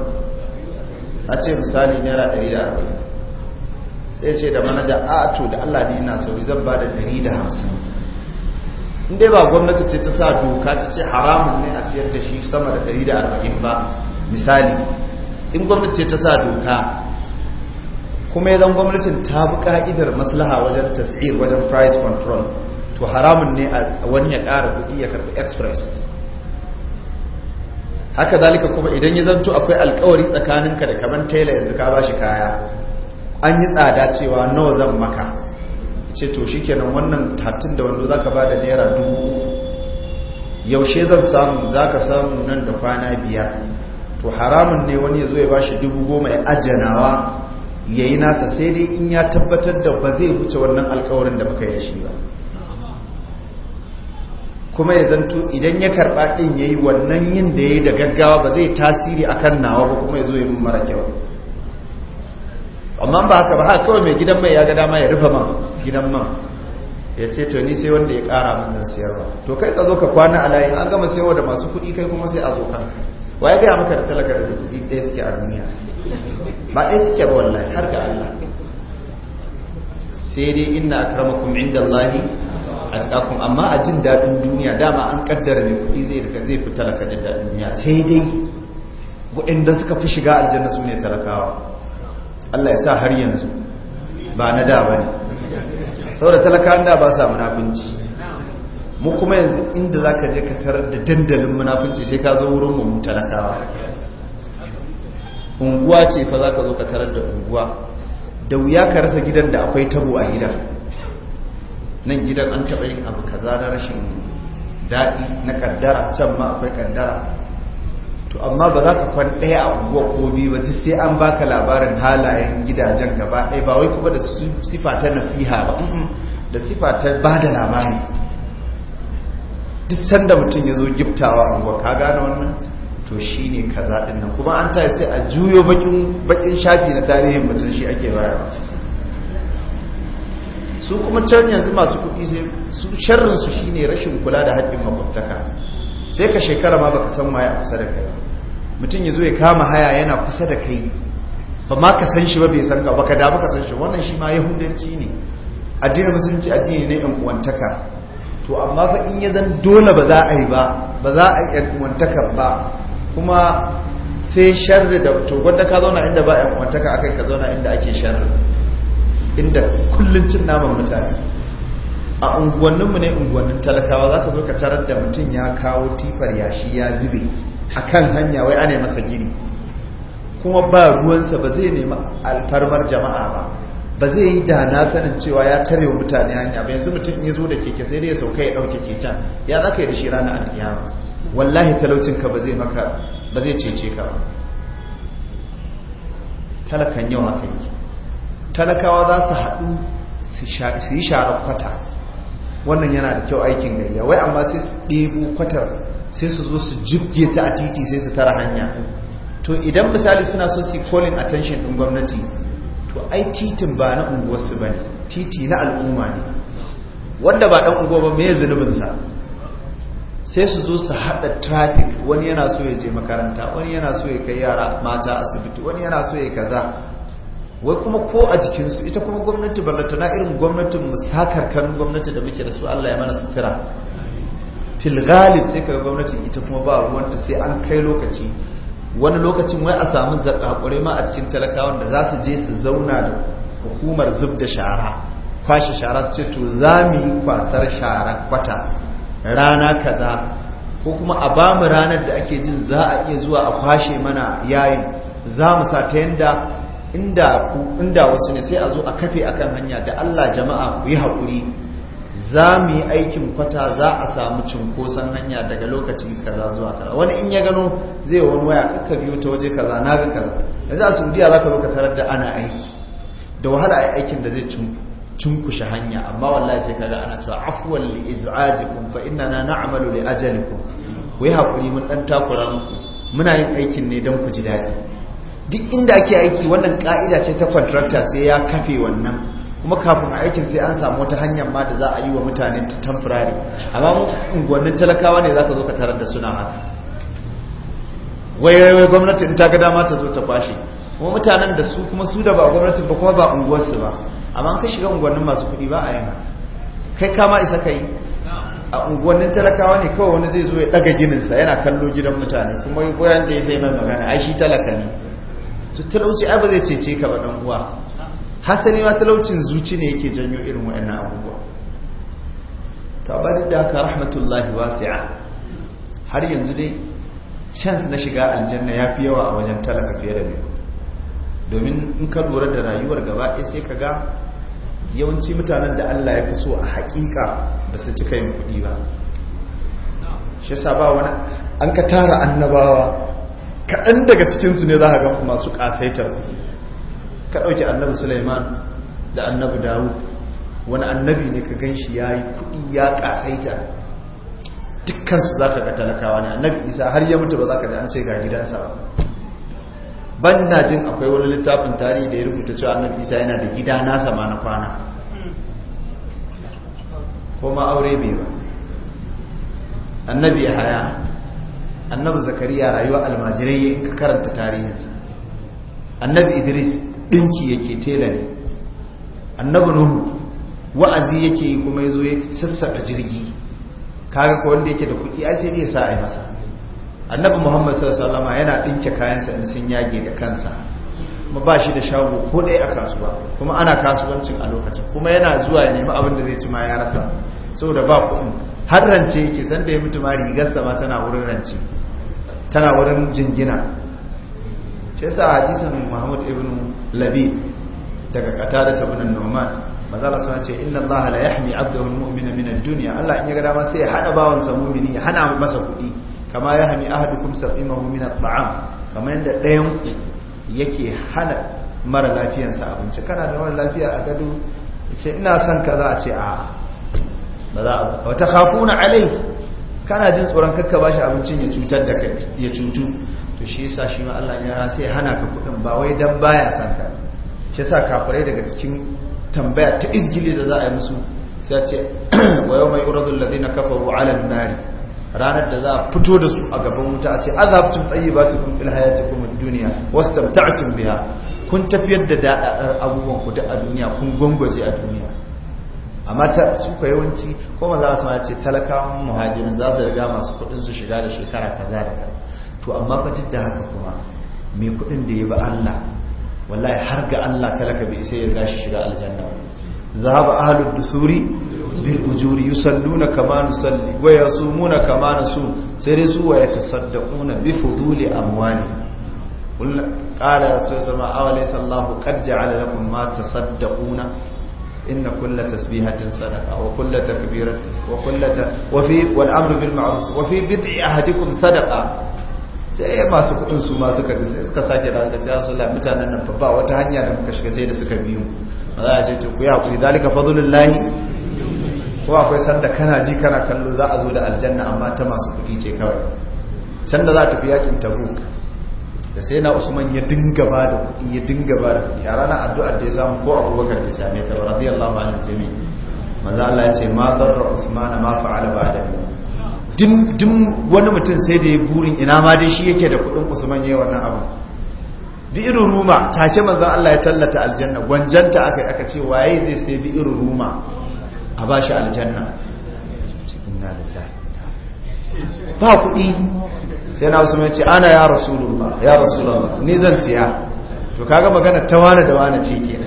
S1: a ce misali naira 140 sai ce da manaja a to da Allah ne ina sauri zan ba da da In inda ba gwamnati ce ta sa doka ta ce haramun ne a siyar da shi sama da da arba'in ba misali in gwamnati ce ta sa doka kuma ya zan gwamnatin ta bi ka'idar maslaha wajen tasir wajen price control to haramun ne a wani ya ƙara kuɗi ya karɓi express haka zalika kuma idan ya zanto akwai alkawari tsakaninka da kaman tela yanzu ka ba shi kaya an yi tsada cewa nawa zan maka ce to shi kenan wannan tatin da wando ba da naira dubu yaushe zan samu za ka samu nan da kwana biyar to haramun ne wani ya zo ya ba shi dubu goma ya ajanawa yayi nasa sai dai in ya tabbatar da ba zai wuce wannan alkawarin da muka yi shi ba kuma ya zanto idan ya karba ɗin ya yi wannan yin da ya yi da gaggawa ba zai tasiri akan nawa ba kuma ya zo yi mara kyau amma ba haka ba haka kawai mai gidan mai ya ga dama ya rufe man gidan man ya ce to ni sai wanda ya kara min zan ba, to kai ka zo ka kwana a layi an gama sayo da masu kuɗi kai kuma sai a zo ka wa ya gaya maka da talaka da kuɗi ɗaya suke a duniya ba ɗaya suke ba wallahi har ga Allah sai dai ina inna akramakum a cikakun amma a jin daɗin duniya dama an ƙaddara ne kuɗi zai daga zai fi talaka jin daɗin duniya sai dai waɗanda suka fi shiga aljanna su ne talakawa Allah ya sa har yanzu ba na da ne. saboda talakawan da ba sa munafunci mu kuma yanzu inda ka je ka tarar da dandalin munafunci sai ka zo wurin mu talakawa unguwa ce fa za ka zo ka tarar da unguwa da wuya ka rasa gidan da akwai tabo a gidan nan gidan an taɓa yin abu kaza na rashin daɗi na kaddara can ma akwai kaddara to amma ba za ka kwan ɗaya a unguwa ko biyu ba duk sai an baka labarin halayen gidajen gaba ɗaya ba wai kuma da sifa ta nasiha ba da sifa ta ba labari duk sanda mutum ya zo giftawa a unguwa ka gane wannan to shi ne ka zaɗin nan kuma an tare sai a juyo bakin shafi na tarihin mutum shi ake bayan su kuma can yanzu masu kuɗi sai su sharrinsu shi ne rashin kula da haɗin makwabtaka sai ka shekara ma baka san waye a kusa da kai mutum ya zo ya kama haya yana kusa da kai ba ma ka san shi ba bai san ka ba ka damu ka san shi wannan shi ma yahudanci ne addinin musulunci addini ne yan uwantaka to amma fa in ya zan dole ba za a yi ba ba za a yi yan uwantaka ba kuma sai sharri da togon da ka zauna inda ba yan kwantaka akai ka zauna inda ake sharri inda kullun cin naman mutane a unguwanninmu ne unguwannin talakawa za ka zo ka tarar da mutum ya kawo tifar yashi ya zube a kan hanya wai ana masa gini kuma ba ruwansa ba zai nemi alfarmar jama'a ba ba zai yi da na sanin cewa ya tare wa mutane hanya ba yanzu mutum ya zo da keke sai dai ya sauka ya ɗauke keken ya za ka yi da shi ranar alkiyama wallahi talaucinka ba zai maka ba zai cece ka talakan yau haka yi. talakawa za su haɗu su yi sharar kwata wannan yana da kyau aikin gariya wai amma sai su ɗebo kwatar sai su zo su jibge ta a titi sai su tara hanya to idan misali suna so su calling attention ɗin gwamnati to ai titin ba na unguwarsu ba ne titi na al'umma ne wanda ba ɗan unguwa ba mai zunubinsa sai su zo su haɗa traffic wani yana so ya je makaranta wani yana so ya kai yara mata asibiti wani yana so ya kaza wai kuma ko a jikinsu ita kuma gwamnati ballata na irin gwamnatin musakar kan gwamnati da muke da su Allah ya mana sutura fil galib sai kaga gwamnatin ita kuma ba ta sai an kai lokaci wani lokacin wai a samu zakakure ma a cikin talakawan da za su je su zauna da hukumar zub da shara kwashe shara su ce to za mu yi kwasar shara kwata rana kaza ko kuma a ba mu ranar da ake jin za a iya zuwa a kwashe mana yayin za mu sa ta yanda inda wasu ne sai a zo a kafe akan hanya da Allah jama'a ku yi haƙuri za mu yi aikin kwata za a samu cunkoson hanya daga lokacin kaza zuwa kaza wani in ya gano zai wani waya kakka biyo ta waje kaza na ga kaza yanzu a saudiya za ka zo ka tarar da ana aiki da wahala a aikin da zai cunkushe hanya amma wallahi sai kaga ana cewa afwan li iz'ajikum fa innana na'malu li ajalikum ku hakuri mun dan takura muku muna yin aikin ne dan ku ji dadi duk inda ake aiki wannan ka'ida ce ta contractor sai ya kafe wannan kuma kafin aikin sai an samu wata hanyar ma da za a yi wa mutane temporary amma unguwannin talakawa ne zaka zo ka tarar da suna haka wai wai gwamnati in ta ga dama ta zo ta kwashe kuma mutanen da su kuma su da ba gwamnati ba kuma ba unguwarsu ba amma ka shiga unguwannin masu kuɗi ba a yana kai kama isa kai a unguwannin talakawa ne kawai wani zai zo ya daga sa yana kallo gidan mutane kuma yi koyan da ya zai mai magana ai shi talaka ne to talauci ai ba zai cece ka ba dan uwa hasali ma talaucin zuci ne yake janyo irin waɗannan abubuwa to da haka rahmatullahi wasi'a har yanzu dai chance na shiga aljanna ya fi yawa a wajen talaka fiye da mai domin in ka lura da rayuwar gaba ɗaya sai ka ga yawanci mutanen da Allah ya fi so a haƙiƙa ba su cika yin kuɗi ba shi sa ba wani an ka tara annabawa kaɗan daga cikinsu ne za a gan masu ƙasaitar kuɗi ka ɗauki annabi Suleiman da annabi Dawud wani annabi ne ka gan shi ya yi kuɗi ya ƙasaita dukkansu za ka ga talakawa ne annabi isa har ya mutu ba za ka ji an ce ga gidansa ba ban na jin akwai wani littafin tarihi da ya rubuta cewa annabi isa yana da gida nasa ma na kwana kuma aure bai ba annabi haya annabi zakariya rayuwa almajirai in ka karanta tarihinsa annabi idris ɗinki yake tela ne annabi nuhu wa'azi yake yi kuma ya zo ya sassaɓa jirgi kaga ko wanda yake da kuɗi ai sai ya sa a yi masa annabi muhammad sallallahu alaihi yana dinke kayansa in sun yage da kansa kuma ba shi da shago ko dai a kasuwa kuma ana kasuwancin a lokacin kuma yana zuwa nemi abin da zai ci ma ya rasa saboda ba kuɗin har rance yake san da ya mutu ma rigarsa ma tana wurin rance tana wurin jingina shi yasa hadisin muhammad ibn labib daga qatada ibn nu'man mazala suna ce inna allaha la yahmi abdahu almu'mina min ad-dunya allah in ya ga dama sai ya hada bawansa mu'mini ya hana masa kuɗi kama ya hani ahadukum sabimahu min at'am kamar yadda ɗayan ku yake hana mara lafiyansa abinci kana da mara lafiya a gado ce ina son ka za a ce a ba za a ba ta khafuna alai kana jin tsoron kakka bashi abincin ya cutar da kai ya cutu to shi yasa shi ma Allah ya sai hana ka kudin ba wai dan baya son ka shi yasa kafirai daga cikin tambaya ta izgili da za a yi musu sai ce wa yawma yuradu alladhina kafaru ala an-nari ranar da za a fito da su a gaban wuta a ce azabtum tayyibatukum fil hayatikum ad-dunya wastabta'tum biha kun tafiyar da dadadar abubuwan ku a duniya kun gwangwaje a duniya amma ta ka yawanci kuma za su ce talakawan muhajirin za su riga masu kuɗin su shiga da shekara kaza da kaza to amma fa duk haka kuma mai kuɗin da ya ba Allah wallahi har ga Allah talaka bai sai ya riga shi shiga aljanna zahaba ahlud dusuri bil ujuri yusalluna kama nusalli wa yasumuna kamanu nasum sai dai su wa yatasaddaquna bi fuduli amwali qul qala rasul sama awalaysa allah qad ja'ala lakum ma tasaddaquna inna kulla tasbihatin sadaka. wa kulla takbiratin wa kulla wa fi wal amru bil ma'ruf wa fi bid'i hadikun sadaka. sai masu kudin su masu suka sai suka sake da suka ce ya sallah mutanen nan fa ba wata hanya da muka shiga sai da suka biyu za a ce to ku ya ku zalika fadlullahi ko akwai sanda kana ji kana kallo za a zo da aljanna amma ta masu kuɗi ce kawai sanda za ta fi yakin tabuk da sai na usman ya dinga ba da kuɗi ya dinga ba da kuɗi a ranar addu'ar da ya samu ko abubakar da same ta ba radiyallahu anhu jami manzo Allah ya ce ma darra usman ma fa'ala ba da dim dim wani mutum sai da ya burin ina ma dai shi yake da kuɗin usman yayi wannan abu irin ruma take manzo Allah ya tallata aljanna gwanjanta aka aka ce waye zai sai irin ruma a ba shi aljanna
S2: inna lillahi ba kuɗi sai na wasu ce ana ya
S1: rasulullah ya rasulullah ni zan siya to kaga magana ta wani da wani ce ke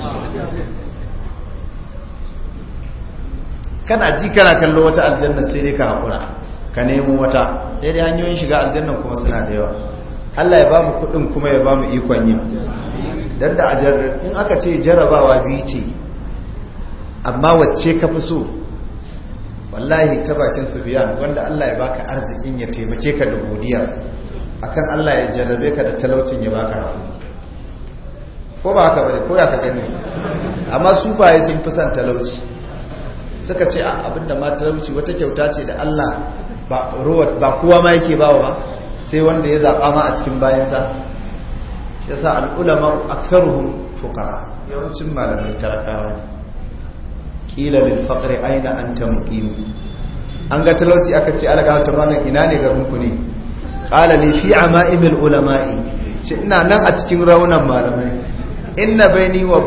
S1: kana ji kana kallo wata aljanna sai dai ka haƙura ka nemo wata sai dai hanyoyin shiga aljanna kuma suna da yawa Allah ya ba mu kuɗin kuma ya ba mu ikon yi don da in aka ce jarabawa biyu ce amma wacce ka fi so wallahi ta bakin biyan wanda Allah ya baka arzikin ya taimake ka da godiya akan Allah ya jarrabe ka da talaucin ya baka hakuri ko ba haka bane ko ya ka gani amma su baye sun fi son talauci suka ce a abinda ma talauci wata kyauta ce da Allah ba kowa ma yake bawa ba sai wanda ya zaba ma a cikin bayansa yasa al'ulama ulama fuqara yawancin malamai talakawa ne ƙila lil faqri aina anta muqim an ga talauci aka ce alaka ta malam ina ne garin ku ne qala li fi ama'imil ulama'i ce ina nan a cikin raunan malamai inna baini wa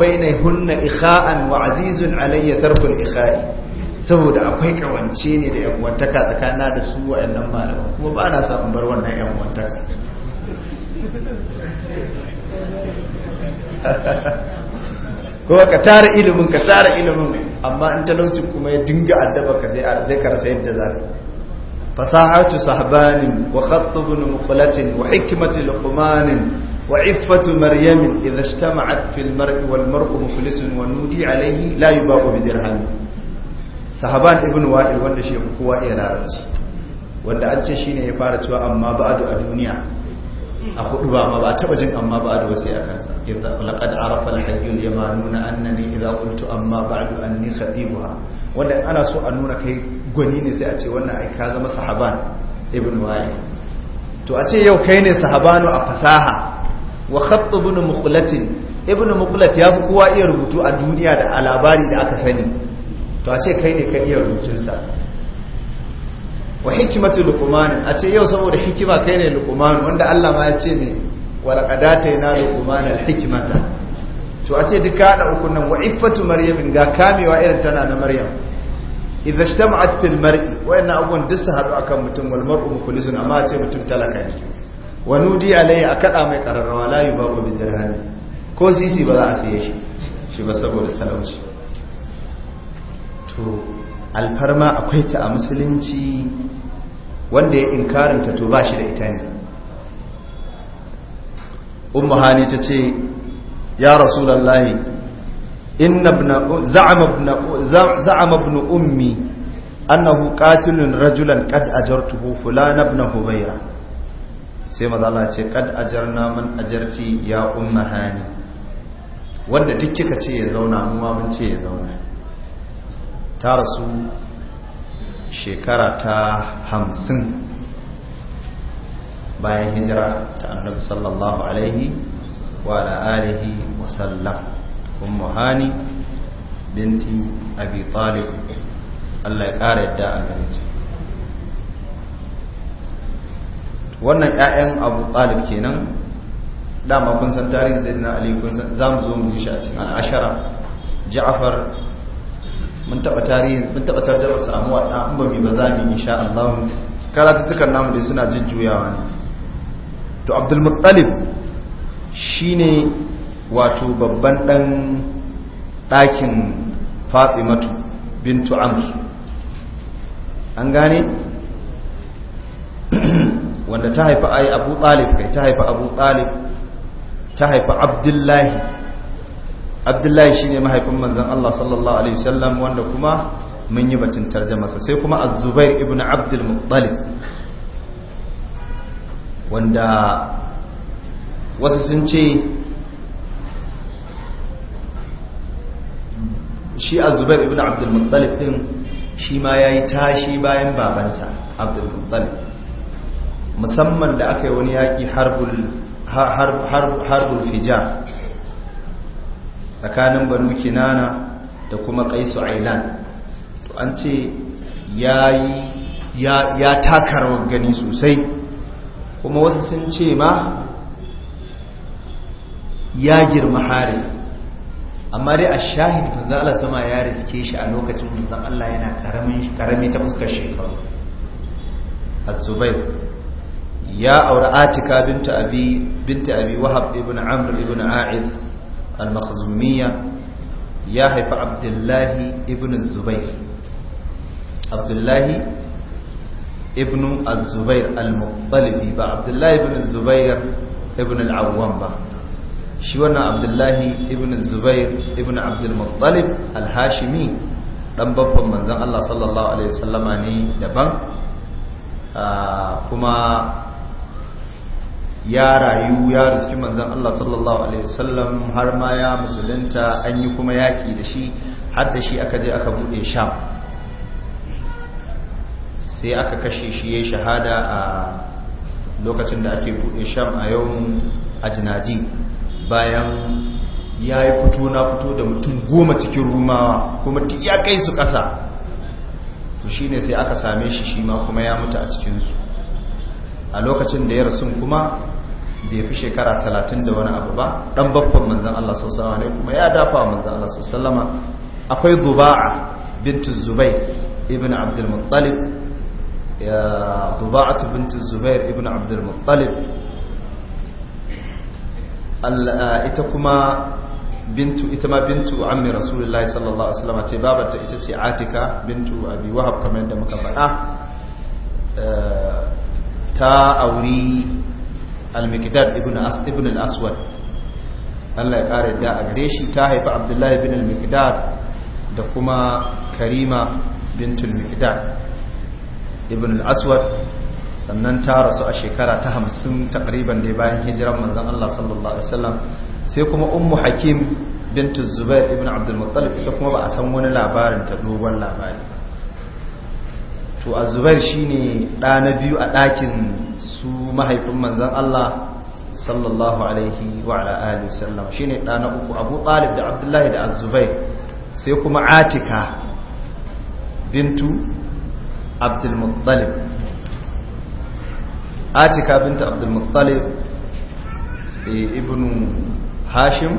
S1: hunna ikha'an wa azizun alayya al ikha'i saboda akwai kawance ne da yan wantaka tsakanina da su wayannan malamai kuma ba na samun bar wannan yan wantaka ko ka tara ilimin ka tara ilimin amma in talauci kuma ya dinga addaba ka zai karsa yadda za fasahatu sahabanin wa khattubun mukhlatin wa hikmatu luqmanin wa iffatu maryamin idha ijtama'at fil mar'i wal mar'u muflisun wa nudi alayhi la yubaqu bi dirham sahaban ibn wa'il wanda shi kowa iya larabci wanda an ce shine ya fara cewa amma ba'du a duniya a hudu ba ba a taba jin amma ba da wasi a kansa idza laqad arafa ya ma nuna annani idza qultu amma ba'du anni khatibuha wanda ana so a nuna kai gwani ne sai a ce wannan ai ka zama sahaban ibn wa'i to a ce yau kai ne sahabanu a fasaha wa khatt ibn mukhlatin ibn mukhlat ya fi kowa iya rubutu a duniya da alabari labari da aka sani to a ce kai ne ka iya rubutunsa wa hikimatu luqman a ce yau saboda hikima kai ne luqman wanda Allah ma ya ce ne wa laqad atayna luqman to a ce duka hada uku nan wa iffatu maryam ga kamewa irin tana na maryam idza ijtama'at fil mar'i wa inna abun duk su hadu akan mutum wal mar'u amma a ce mutum talaka ne wa nudi alayya a kaɗa mai kararrawa la babu bi dirhami ko sisi ba za a siye shi shi ba saboda talauci to alfarma akwai ta a musulunci wanda ya inkarinta to ba shi da ita ne ummu hani ta ce ya rasulallahi inna za'ama ibn ummi annahu qatilun rajulan qad ajartuhu fulana ibn hubayra sai maza Allah ce qad ajarna man ajarti ya ummu hani wanda duk kika ce ya zauna mu ma mun ce ya zauna ta rasu shekara ta hamsin bayan hijira ta annabi sallallahu alaihi wa alihi wa sallam ummu hani binti abi talib Allah ya kare yadda a gare wannan ƴaƴan abu talib kenan dama kun san tarihin sayyidina ali kun san zamu zo mu ji shi a cikin al'ashara ja'far mun taba tarihi mun taba su amma da an ba mi ba za mu insha Allah karatuttukan namu dai suna jujjuyawa ne to Abdul Muttalib shine wato babban dan dakin Fatimatu bintu Amr an gane wanda ta haifa ai Abu Talib kai ta haifa Abu Talib ta haifa Abdullahi
S2: abdullahi shine mahaifin manzon Allah sallallahu alaihi wasallam wanda kuma
S1: mun yi batun tarjamasa sai kuma az-zubair ibn abdul muttalib wanda wasu sun ce shi az-zubair ibn abdul muttalib din shi ma yayi tashi bayan babansa abdul muttalib musamman da aka yi wani yaki harbul harbul fijar tsakanin banu kinana da kuma kaisu ailan to an ce ya taka rawar gani sosai kuma wasu sun ce ma ya girma hari amma dai a shahid manzan Allah sama ya riske shi a lokacin manzan Allah yana karami ta fuskar shekaru azubai ya auri atika binta abi wahab ibn amr ibn a'id al-makhzumiyya ya haifi abdullahi ibn zubair abdullahi ibn zubair al-muqtalibi ba abdullahi ibn zubair ibn al-awwam ba shi wannan abdullahi ibn zubair ibn abdul muttalib al-hashimi dan babban manzon Allah sallallahu alaihi wasallama ne daban kuma ya rayu ya riski manzan Allah sallallahu alaihi wasallam har ma ya musulunta an yi kuma yaƙi da shi har da shi aka je aka buɗe sham sai aka kashe shi ya shahada a lokacin da ake buɗe sham a yau a jinadi bayan ya yi fito na fito da mutum goma cikin rumawa kuma ya kai su ƙasa shi ne sai aka same shi shi ma kuma ya mutu a cikinsu a lokacin da ya rasu kuma bai fi shekara talatin da wani abu ba dan babban manzan Allah sallallahu alaihi kuma ya dafa manzan Allah sallallahu akwai duba'a bintu zubair ibn abdul muttalib ya duba'atu bintu zubair ibn abdul muttalib
S2: ita kuma bintu ita ma bintu ammi rasulullahi sallallahu alaihi wasallam ce babarta ita ce atika bintu abi wahab
S1: kamar da muka faɗa eh, ta auri al-miqdad ibn as ibn al-aswad Allah ya kare da a gare shi ta haifi abdullahi ibn al da kuma karima bintul miqdad ibn al-aswad sannan ta rasu a shekara ta hamsin takriban dai bayan hijiran manzan Allah sallallahu Alaihi wasallam sai kuma ummu hakim bintu zubair ibn abdulmuttalib ita kuma ba a san wani labarin ta dogon labari
S2: to azubair shine ɗa na biyu
S1: a dakin su mahaifin manzan Allah sallallahu alaihi wa ala alihi wasallam shine ɗa na uku abu talib da abdullahi da azubair sai kuma atika bintu abdulmuttalib atika bintu abdulmuttalib eh, ibnu hashim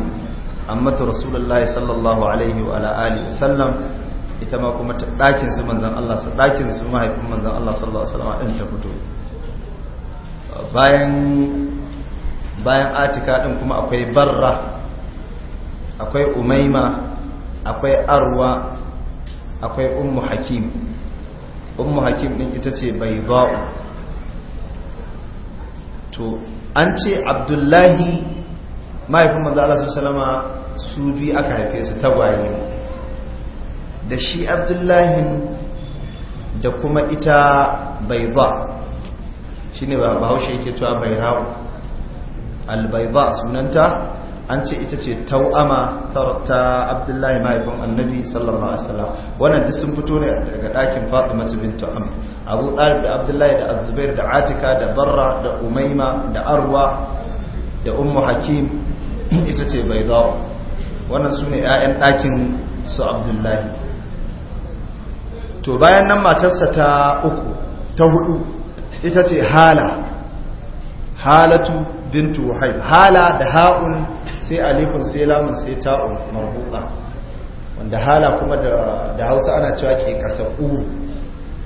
S1: amma ta rasulullahi sallallahu alaihi wa ala alihi wasallam ita ma kuma ta ɗakin su manzan Allah su ɗakin su mahaifin manzan Allah sallallahu alaihi wasallam ɗin ta fito bayan bayan atika ɗin kuma akwai barra akwai umaima akwai arwa akwai ummu hakim ummu hakim ɗin ita ce bai za'u to an ce abdullahi mahaifin manzan Allah sallallahu alaihi wasallama su bi aka haife su tagwaye da shi abdullahi da kuma ita baiza shi ne ba haushe yake cewa bairawo albaiba sunanta an ce ita ce tau'ama ta abdullahi mahaifin annabi sallallahu alaihi wasallam wannan duk sun fito ne daga ɗakin fatima bintu am abu talib da abdullahi da azubair da atika da barra da umaima da arwa da ummu hakim ita ce baidawa wannan su ne 'ya'yan ɗakin su abdullahi to bayan nan matarsa ta uku ta hudu ita ce hala halatu bintu wahai hala da ha'un sai alifun sai lamun sai ta'un marbuta wanda hala kuma da hausa ana cewa ke kasar uru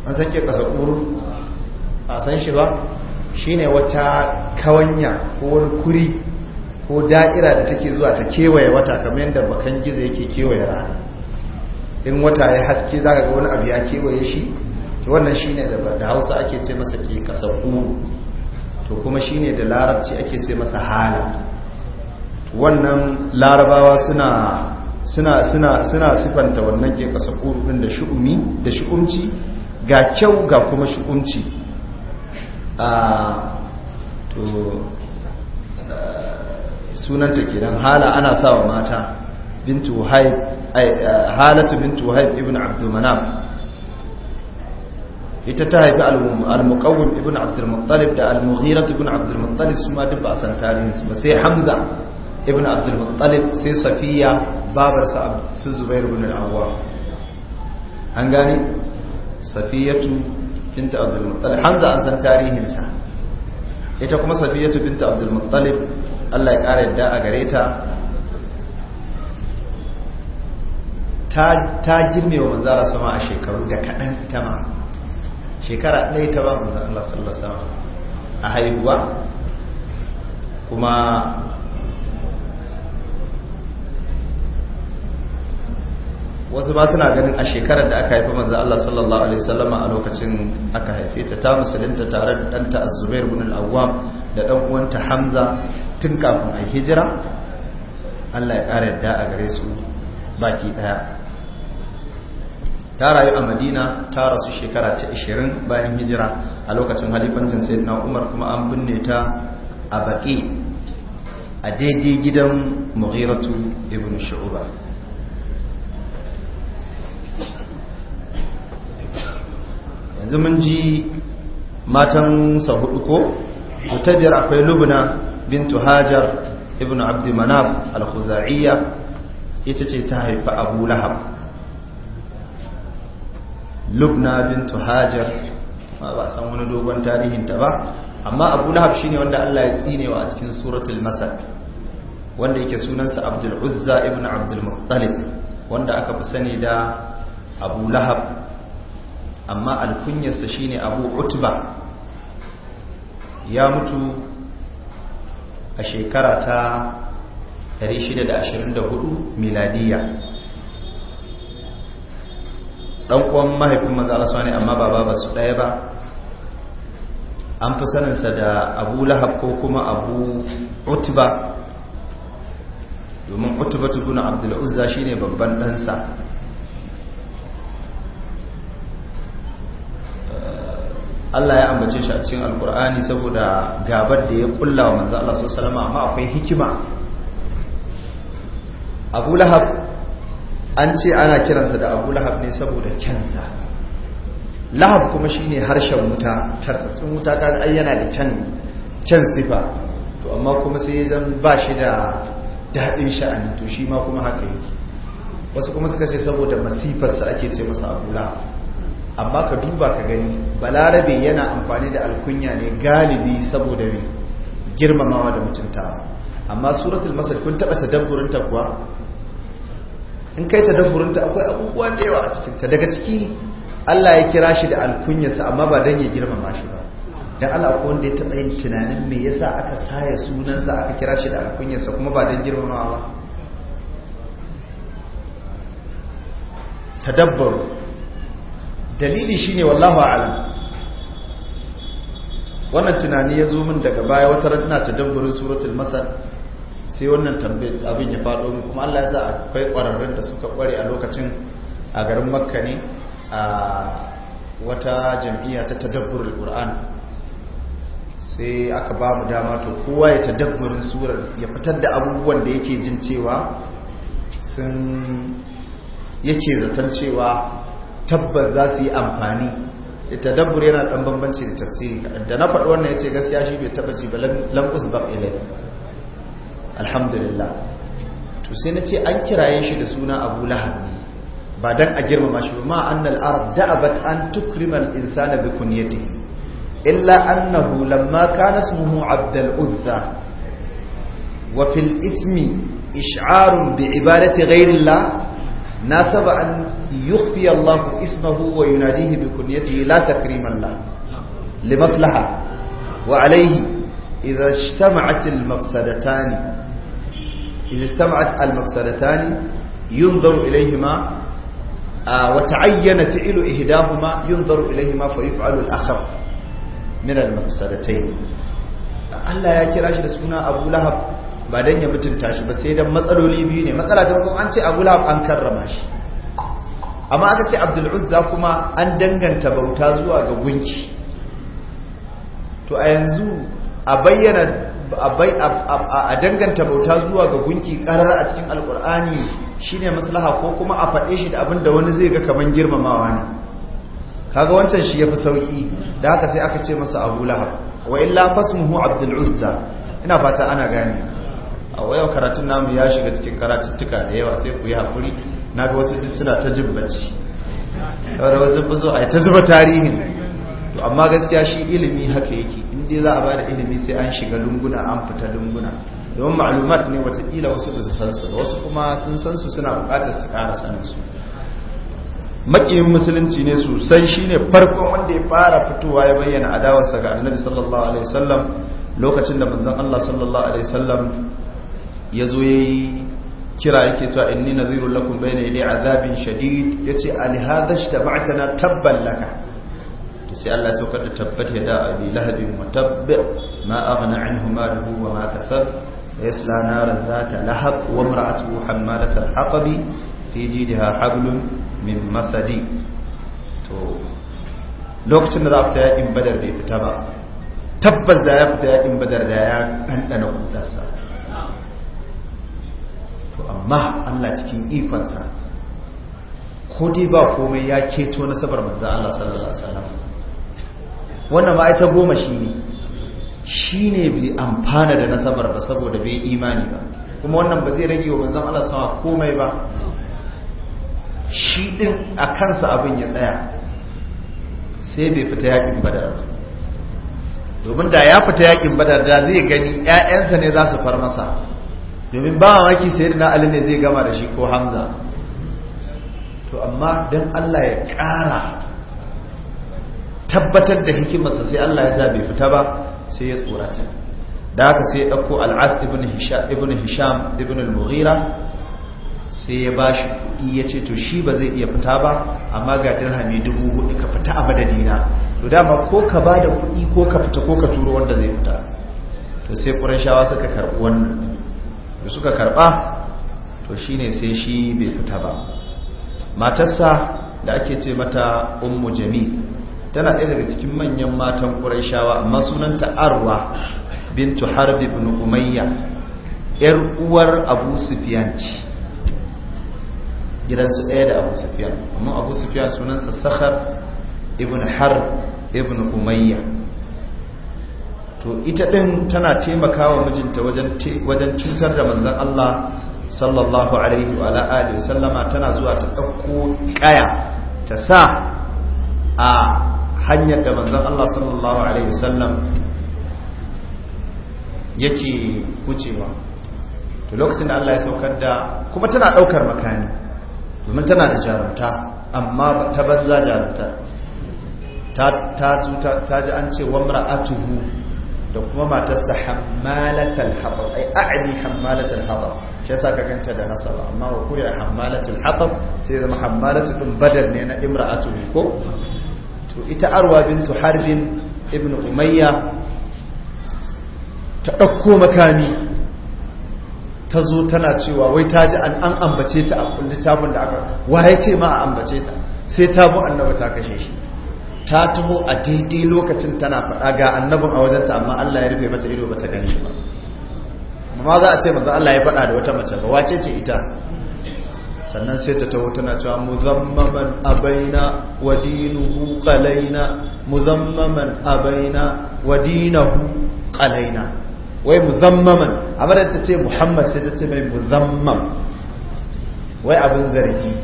S1: an san ke kasar uru a san shi ba Shi ne wata kawanya ko wani kuri ko da'ira da take zuwa ta kewaye wata kamar yadda bakan gizo yake kewaye rana in wata ya haske za ka ga wani abu ya kewaye shi wannan shi ne da hausa ake ce masa ke kuru to kuma shi ne da larabci ake ce masa hala wannan larabawa suna suna suna suna sifanta wannan ke kuru ɗin da shi'umi da shi'umci ga kyau ga kuma shi'umci a to sunanta kenan hala ana sawa mata بنت وهيب هالة بنت وهيب ابن عبد المناف يتتهب المقوم ابن عبد المطلب ده المغيرة ابن عبد المطلب سما دبع سنتارين سما سي حمزة ابن عبد المطلب سي صفية بابر سي زبير بن العوام هنغاني صفية بنت عبد المطلب حمزة عن سنتارين سما ita kuma safiyatu binta abdul muttalib Allah ya kare yadda a gare ta ta girme wa manzara sama a shekaru da kaɗan ita ma shekara ɗaya ta ba manzara Allah sallallahu sama a haihuwa kuma
S2: wasu ba suna ganin a shekarar da aka haifi manzara Allah sallallahu alaihi sallama a lokacin
S1: aka haife ta ta musulunta tare da ɗanta a zubair bin al'awwam da ɗan uwanta hamza tun kafin a hijira Allah ya ƙara yadda a gare su baki ɗaya ta rayu a madina ta rasu shekara ta 20 bayan hijira a lokacin halifancin na umar kuma an binne ta a baƙi a daidai gidan mughiratu ibn shu'ba yanzu mun ji matan sa hudu ko mutabiyar akwai lubna bintu hajar ibn abd manaf al-khuzaiya ita ce ta haifa abu lahab lubna bintu hajar ma ba san wani dogon tarihinta ba amma abu lahab shine wanda Allah ya tsine wa a cikin suratul masad wanda yake sunansa abdul uzza ibn abdul muttalib wanda aka fi sani da abu lahab amma alkunyarsa shine abu utba ya mutu a shekara ta 624 miladiya Ɗan uwan mahaifin manza Allah ne amma ba ba su daya ba an fi saninsa da abu lahab ko kuma abu utba domin utba tukuna abdul'uzza shi ne babban ɗansa Allah ya ambace shi a cikin alkur'ani saboda gabar da ya kulla wa manzo Allah sallallahu amma akwai hikima Abu Lahab an ce ana kiransa da abu lahab ne saboda kyansa lahab kuma shi ne harshen wuta tartsatsin wuta kan ai yana da kyan kyan sifa to amma kuma sai zan ba shi da daɗin sha'ani to shi ma kuma haka yake wasu kuma suka ce saboda masifarsa ake ce masa abu lahab amma ka duba ka gani balarabe yana amfani da alkunya ne galibi saboda ne girmamawa da mutuntawa amma suratul masar kun taɓa tadabburinta kuwa in kai ta dafurinta akwai abubuwa da yawa a cikinta daga ciki Allah ya kira shi da alkunyarsa amma ba don ya girmama shi ba don Allah ko wanda ya taɓa yin tunanin me yasa aka saya sunansa aka kira shi da alkunyarsa kuma ba don girmamawa ba tadabbaru dalili shine wallahu a'lam wannan tunani ya zo min daga baya wata rana ta tadabburin suratul masar. sai wannan tambayar abin ya faɗo mu kuma Allah ya sa akwai ƙwararrun da suka ƙware a lokacin a garin makka ne a wata jam'iyya ta tadabburul qur'an sai aka ba mu dama to kowa ya tadabburin surar ya fitar da abubuwan da yake jin cewa sun yake zaton cewa tabbas za su yi amfani da tadabbur yana dan bambanci da tafsiri da na faɗi wannan ya ce gaskiya shi bai taɓa ji ba lam usbaq ilai alhamdulillah to sai na ce an kiraye shi da suna abu lahab ba dan a girmama shi ma annal arab da'abat an tukrimal insana bi kunyatihi illa annahu lamma kana ismuhu abdul uzza wa fil ismi ish'arun bi ibadati ghayrillah nasaba an yukhfi Allah ismahu wa yunadihi bi kunyatihi la takriman la li maslaha wa alayhi إذا اجتمعت المقصدتان إذا اجتمعت المقصدتان ينظر إليهما وتعين فعل إهداهما ينظر إليهما فيفعل الآخر من المقصدتين Allah ya kira shi da suna Abu ba dan ya mutunta shi ba sai dan matsaloli biyu ne matsala ta farko an ce Abu an karrama shi amma aka ce kuma an danganta bauta zuwa ga gunki to a yanzu a bayyana a danganta bauta zuwa ga gunki karar a cikin alkur'ani shine maslaha ko kuma a faɗe shi da abin da wani zai ga kamar girmamawa ne kaga wancan shi ya fi sauki da haka sai aka ce masa Abu Lahab wa illa fasmuhu Abdul Uzza ina fata ana gane a wayo karatun namu ya shiga cikin karatuttuka da yawa sai ku yi hakuri ga wasu duk suna ta jibbaci
S2: bacci wasu buzo ai ta zuba tarihin
S1: to amma gaskiya shi ilimi haka yake inda za a ba da ilimi sai an shiga lunguna an fita lunguna don ma'alumat ne watakila wasu da su san wasu kuma sun san su suna bukatar su kara sanin su makiyin musulunci ne sosai ne farkon wanda ya fara fitowa ya bayyana adawarsa ga annabi sallallahu alaihi wasallam lokacin da manzon Allah sallallahu alaihi wasallam ya zo yayi kira yake cewa inni nadhiru lakum bayna yadi azabin shadid yace al hadha ijtama'tana tabban laka sai Allah ya saukar da tabbat yada abi lahabin wa ma aghna anhu maluhu wa ma kasab sayasla naran zata lahab wa imra'atuhu hammalat al-haqabi fi jidha hablum min masadi to lokacin da za badar bai fita ba tabbas da ya fita yakin badar da ya ɗanɗana kudarsa to amma Allah cikin ikonsa ko dai ba komai ya keto nasabar manzo Allah sallallahu alaihi wasallam wannan ma ita goma shi ne shi ne bai amfana da nasabar ba saboda bai imani ba kuma wannan ba zai rage wa manzan Allah sama komai ba shi ɗin a kansa abin ya tsaya sai bai fita yakin badar domin da ya fita yakin badar da zai gani 'ya'yansa ne za su far masa domin ba mamaki sai da ali ne zai gama da shi ko hamza to amma don Allah ya ƙara tabbatar da hikimarsa sai Allah ya zabe fita ba sai ya tsorata da haka sai ya ɗauko al'as ibn hisham ibn hisham ibn al-mughira sai ya bashi kuɗi ya ce to shi ba zai iya fita ba amma ga dirhami dubu hudu ka fita a madadina to dama ko ka ba da kuɗi ko ka fita ko ka turo wanda zai fita to sai ƙurashawa suka karɓi wannan da suka karɓa to shine sai shi bai fita ba matarsa da ake ce mata ummu jamil tana ɗaya daga cikin manyan matan ƙuraishawa amma sunanta arwa bintu harbi ibn umayya yar uwar abu sufyan ce gidansu ɗaya da abu sufyan amma abu sufyan sunansa sakhar ibn har ibn umayya to ita ɗin tana taimakawa mijinta wajen cutar da manzan Allah sallallahu alaihi wa alihi sallama tana zuwa ta ɗauko ƙaya ta sa a hanyar da manzon Allah sallallahu alaihi wasallam yake wucewa to lokacin da Allah ya saukar da kuma tana daukar makani domin tana da jarumta amma ta banza jarumta ta ta ta ji an ce wa atuhu da kuma matarsa hammalatul haɓar ai a'ni hammalatul haɓar shi yasa ka ganta da nasaba amma wa kuriya hammalatul haɓar sai zama ɗin badar ne na imra'atuhu ko to ita arwa bintu harbin ibn umayya ta ɗauko makami ta zo tana cewa wai ta ji an ambace ta a littafin da aka waye ce ma a ambace ta sai ta bu annaba ta kashe shi ta taho a daidai lokacin tana faɗa ga annabin a wajenta amma Allah ya rufe mata ido ba bata gani ba amma za a ce manzo Allah ya faɗa da wata mace ba wace ce ita sannan sai ta tawo tana cewa muzammaman abaina wa dinuhu qalaina muzammaman abaina wa dinuhu qalaina wai muzammaman amma ta ce muhammad sai ta ce mai muzammam wai abin zargi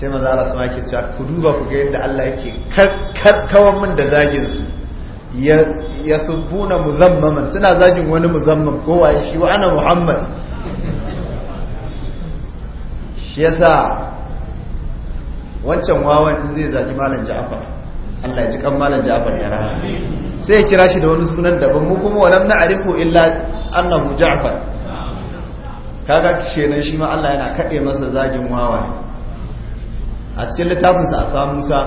S1: sai maza Allah sama yake cewa ku duba ku ga yadda Allah yake karkawan min da zagin su ya subbuna muzammaman suna zagin wani muzammam kowa shi wa ana muhammad shi yasa wancan wawan in zai zaki malam ja'far Allah ya ji kan malam ja'far ya raha sai ya kira shi da wani sunan daban mu kuma wa walam na'rifu illa annahu ja'far kaga kenan shi ma Allah yana kade masa zagin wawa a cikin littafinsa a samu Musa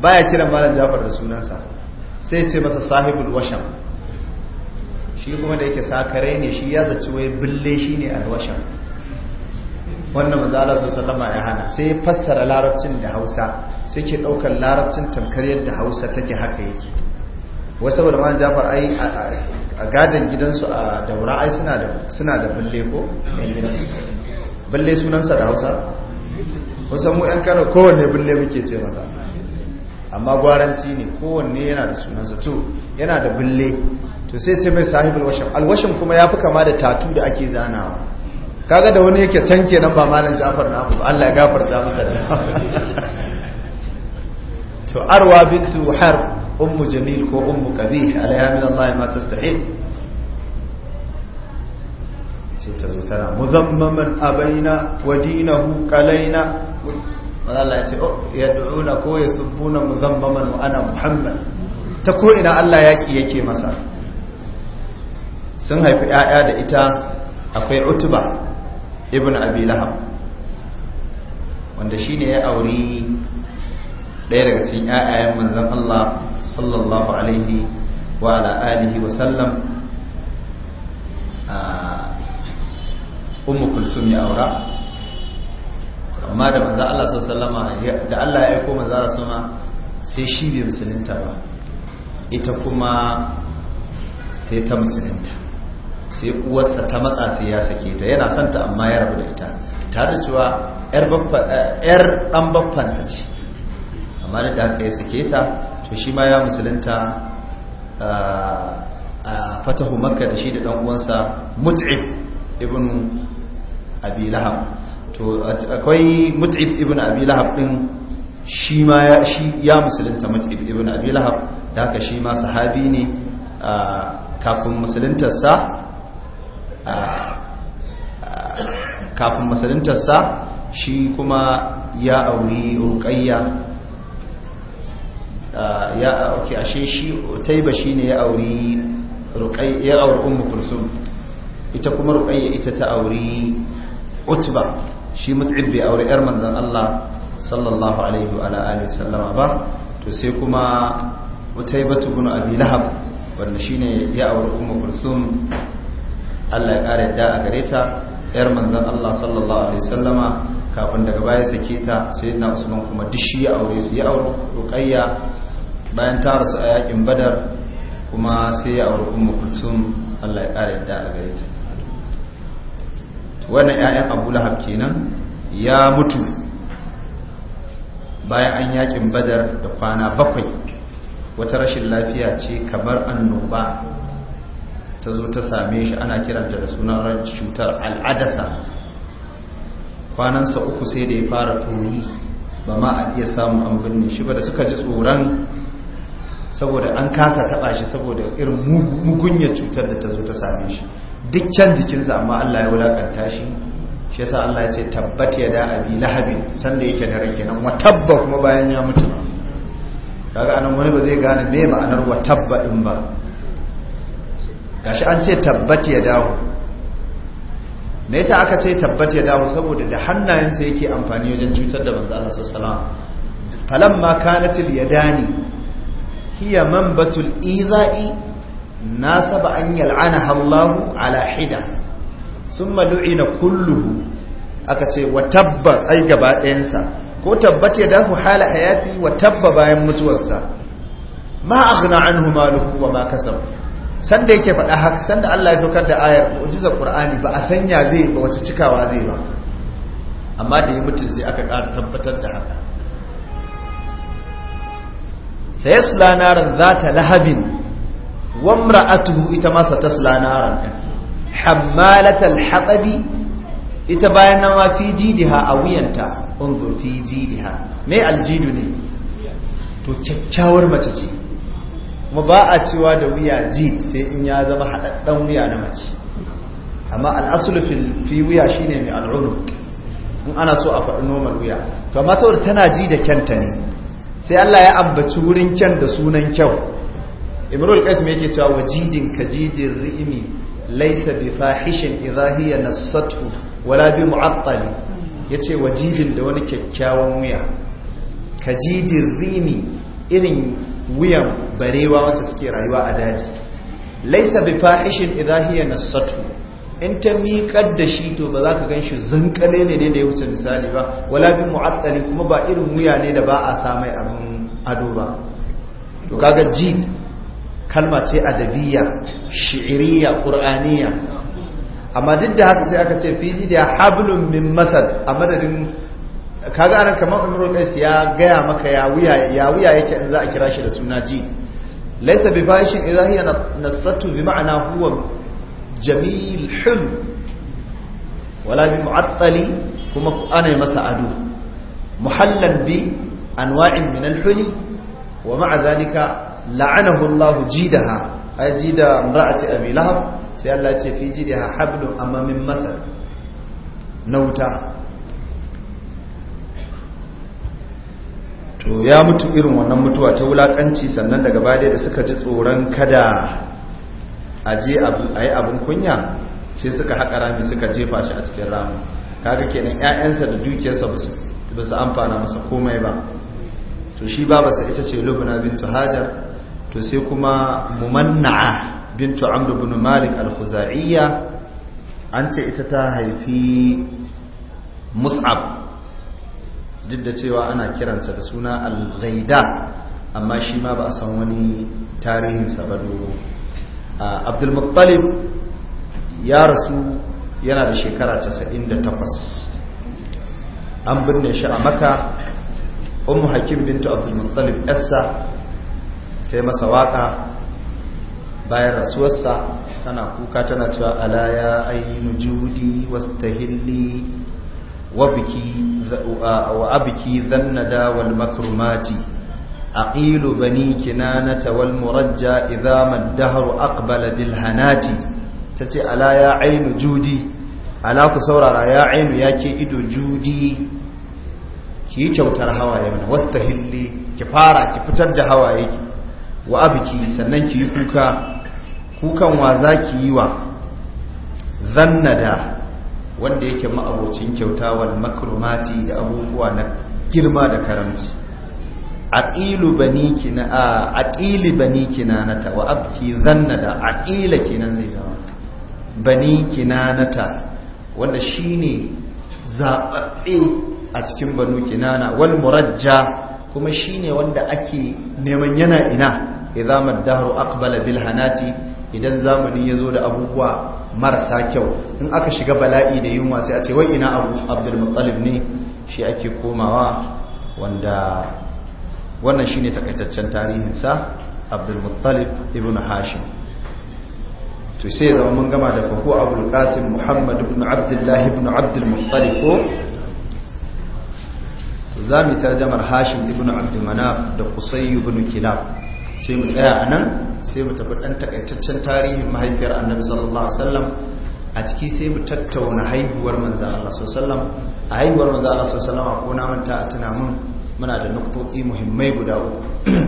S1: baya kiran malan Ja'far da sunansa sai ya ce masa sahibul washam shi kuma da yake sakare ne shi ya zaci wai bille shine alwasham wannan manzala sun sallama ya hana sai ya fassara larabcin da hausa sai ke ɗaukar larabcin tamkar yadda hausa take haka yake wasu saboda ma'an jafar ai a gadon gidansu a daura ai suna da bulle ko yan gidansu bulle sunansa da hausa
S2: wasan mu yan kano kowanne
S1: bulle muke ce masa amma gwaranci ne kowanne yana da sunansa to yana da bulle to sai ce mai sahibul washin alwashin kuma ya fi kama da tatu da ake zanawa kaga da wani yake can kenan ba malam Ja'far na ba Allah ya gafarta masa da to arwa bintu har ummu jamil ko ummu qabih alayha min Allah ma tastahi sai ta zo tana muzammaman abaina wa dinahu qalaina Allah ya ce oh ya du'una ko yasubbuna muzammaman wa ana muhammad ta ko ina Allah ki yake masa sun haifi 'ya'ya da ita akwai utuba ibn abi lahab wanda shine ya auri ɗaya daga cikin ƴaƴayen manzon Allah sallallahu alaihi wa ala alihi wa sallam ah, ummu kulsum ya aura amma da manzon Allah sallallahu alaihi da Allah ya koma manzon Allah sai shi bai musulunta ba ita kuma sai ta musulunta sai uwarsa ta matsa sai ya sake ta yana santa ta amma ya rabu da ita tare da cewa yar dan baffansa ce amma da ta haka ya sake ta to shi ma ya musulunta a fatahu makka da shi da dan uwansa mut'ib ibn abi lahab to akwai mut'ib ibn abi lahab din shi ma ya shi ya musulunta mut'ib ibn abi lahab da ka shi ma sahabi ne kafin musuluntarsa kafin masalintarsa shi kuma ya auri rukayya ya auki ashe shi taiba shi ne ya auri rukayya ya auri umu kulsum ita kuma rukayya ita ta auri utba shi mut'ib bai auri yar manzan Allah sallallahu alaihi wa alihi sallama ba to sai kuma utaybatu ibn abi lahab wanda shine ya auri umu kulsum Allah ya ƙara yadda a gare ta yar manzon Allah sallallahu alaihi wasallama kafin daga baya sake ta sai na Usman kuma duk shi ya aure su ya aure Ruqayya bayan ta rasu a yakin Badar kuma sai ya aure kuma Kulsum Allah ya ƙara yadda a gare ta wannan 'ya'yan Abu Lahab kenan ya mutu bayan an yakin Badar da kwana bakwai wata rashin lafiya ce kamar annoba ta zo ta same shi ana kiranta da sunan ran cutar al'adasa kwanansa uku sai da ya fara tori ba ma a iya samu an birni shi ba da suka ji tsoron saboda an kasa taba shi saboda irin mugunya cutar da ta zo ta same shi duk can jikinsa amma Allah ya wulakanta shi shi yasa Allah ya ce tabbat ya da abi lahabi sanda yake da rake nan wa tabba kuma bayan ya mutu kaga anan wani ba zai gane me ma'anar wa tabba din ba gashi an ce tabbat ya dawo me yasa aka ce tabbat ya dawo saboda da hannayensa yake amfani wajen cutar da manzo Allah sallallahu alaihi falamma kanatil yadani hiya manbatul izai nasaba an yal'ana Allah ala hida summa du'ina kulluhu aka ce wa tabba ai gaba ɗayansa ko tabbat ya dawo hala hayati wa tabba bayan mutuwarsa ma aghna anhu maluhu wa ma kasaba sanda yake faɗa haka sanda Allah ya saukar da ayar mu'jizar Qur'ani ba a sanya zai ba wace cikawa zai ba amma da yi mutum sai aka ƙara tabbatar da haka Sai sayasla naran zata lahabin wa imra'atuhu ita ma satasla naran hammalatal hatabi ita bayan nan ma fi jidiha a wuyanta unzur fi jidiha me aljidu ne to kyakkyawar mace ce kuma ba a cewa da wuya ji sai in ya zama haɗaɗɗen wuya na mace amma al'asulu fi wuya shine mai al'unu in ana so a faɗi noman wuya to amma saboda tana ji da kyanta ne sai Allah ya ambaci wurin kyan da sunan kyau imrul qais mai yake cewa wajidin kajidin ri'imi laisa bi fahishin idha na satu wala bi mu'attali yace jidin da wani kyakkyawan wuya ka kajidin ri'imi irin wuyan barewa wacce take rayuwa a daji laisa bi fahishin idza hiya nasatu in ta miƙar da shi to ba za ka gan shi zankale ne da ya wuce misali ba wala bi mu'attali kuma ba irin wuya ne da ba a samai abin ado ba to kaga jid kalma ce adabiyya shi'iriyya qur'aniyya amma duk da haka sai aka ce fi jid ya hablum min masad a madadin kaga anan kamar Imrul Qais ya gaya maka ya wuya ya wuya yake in za a kira shi da suna ji laysa bi bashin idha hiya nasatu bi ma'ana huwa jamil hul wala bi mu'attali kuma ana masa ado muhallan bi anwa'in min al-huli wa ma'a dhalika la'anahu Allah jidaha ay imra'ati abi lahab sai Allah ya ce fi jidaha hablun amma min masar nauta to ya mutu irin wannan mutuwa ta wulakanci sannan daga baya da suka ji tsoron kada a je a yi abin kunya ce suka haƙa rami suka jefa shi a cikin rami kaga kenan 'ya'yansa da dukiyarsa ba su amfana masa komai ba to shi babarsa ita ce lubna bintu hajar to sai kuma mumanna'a bintu amru bin malik al khuzaiyya an ce ita ta haifi mus'ab duk da cewa ana kiransa da suna al-ghaida amma shi ma ba a san wani tarihinsa ba abdul muttalib ya rasu yana da shekara 98 an binne shi a maka ummu hakim bintu abdulmuttalib yarsa ta yi masa waka bayan rasuwarsa tana kuka tana cewa alaya ainihin judi wasu tahilli وأبكي ذندا والمكرمات أقيل بني كنانة والمرجى إذا ما الدهر أقبل بالهنات تتي ألا يا عين جودي ألا كسورة يا عين يا كيد جودي ki kyautar hawaye mana wastahilli ki fara ki fitar da hawaye wa abiki sannan ki yi kuka kukan wa za ki yi wa zannada wanda yake ma'abocin kyauta wal da abubuwa na girma da karamci aƙili bani kina bani kinanata wa abki zannada aqila kinan zai zama bani kinanata wanda ne zababbe a cikin banu kinana Wani murajja kuma shine wanda ake neman yana ina idza madahru aqbala bil idan zamani yazo da abubuwa marasa kyau in aka shiga bala'i da yunwa sai a ce wai ina abu abdulmuttalib ne shi ake komawa wanda wannan shi ne takaitaccen tarihinsa abdulmuttalib ibn hashim to sai ya zama mun gama da fahu abul qasim muhammad ibn abdullahi ibn abdulmuttalib ko za mu tarjamar hashim ibn abdulmanaf da qusay ibn kilab sai mu tsaya a nan sai mu tafi ɗan takaitaccen tarihin mahaifiyar annabi sallallahu alaihi wasallam a ciki sai mu tattauna haihuwar manzo Allah sallallahu a haihuwar manzo Allah sallallahu ko na manta a tuna mun muna da nuktoti muhimmai guda uku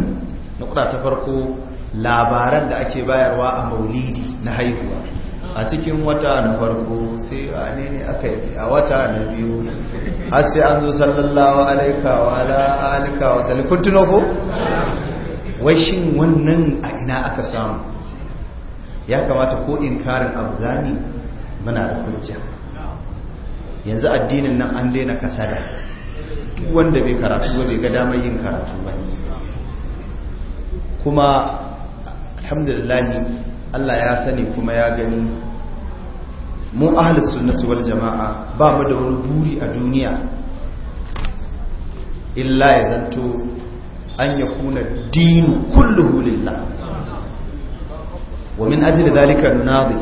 S1: nukta ta farko labaran da ake bayarwa a maulidi na haihuwa a cikin wata na farko sai a ne ne aka yi a wata na biyu har sai an zo sallallahu wa ala wa salikuntuna ko wai shin wannan a ina aka samu ya kamata ko in karin abu zami muna da hujja yanzu addinin nan an daina kasada duk wanda bai karatu ba bai ga damar yin karatu ba kuma alhamdulillah Allah ya sani kuma ya gani mu ahlus sunnati wal jama'a ba mu da wani buri a duniya illa ya zanto an yakuna dinu kulluhu lillah wa min ajli dhalika nunadi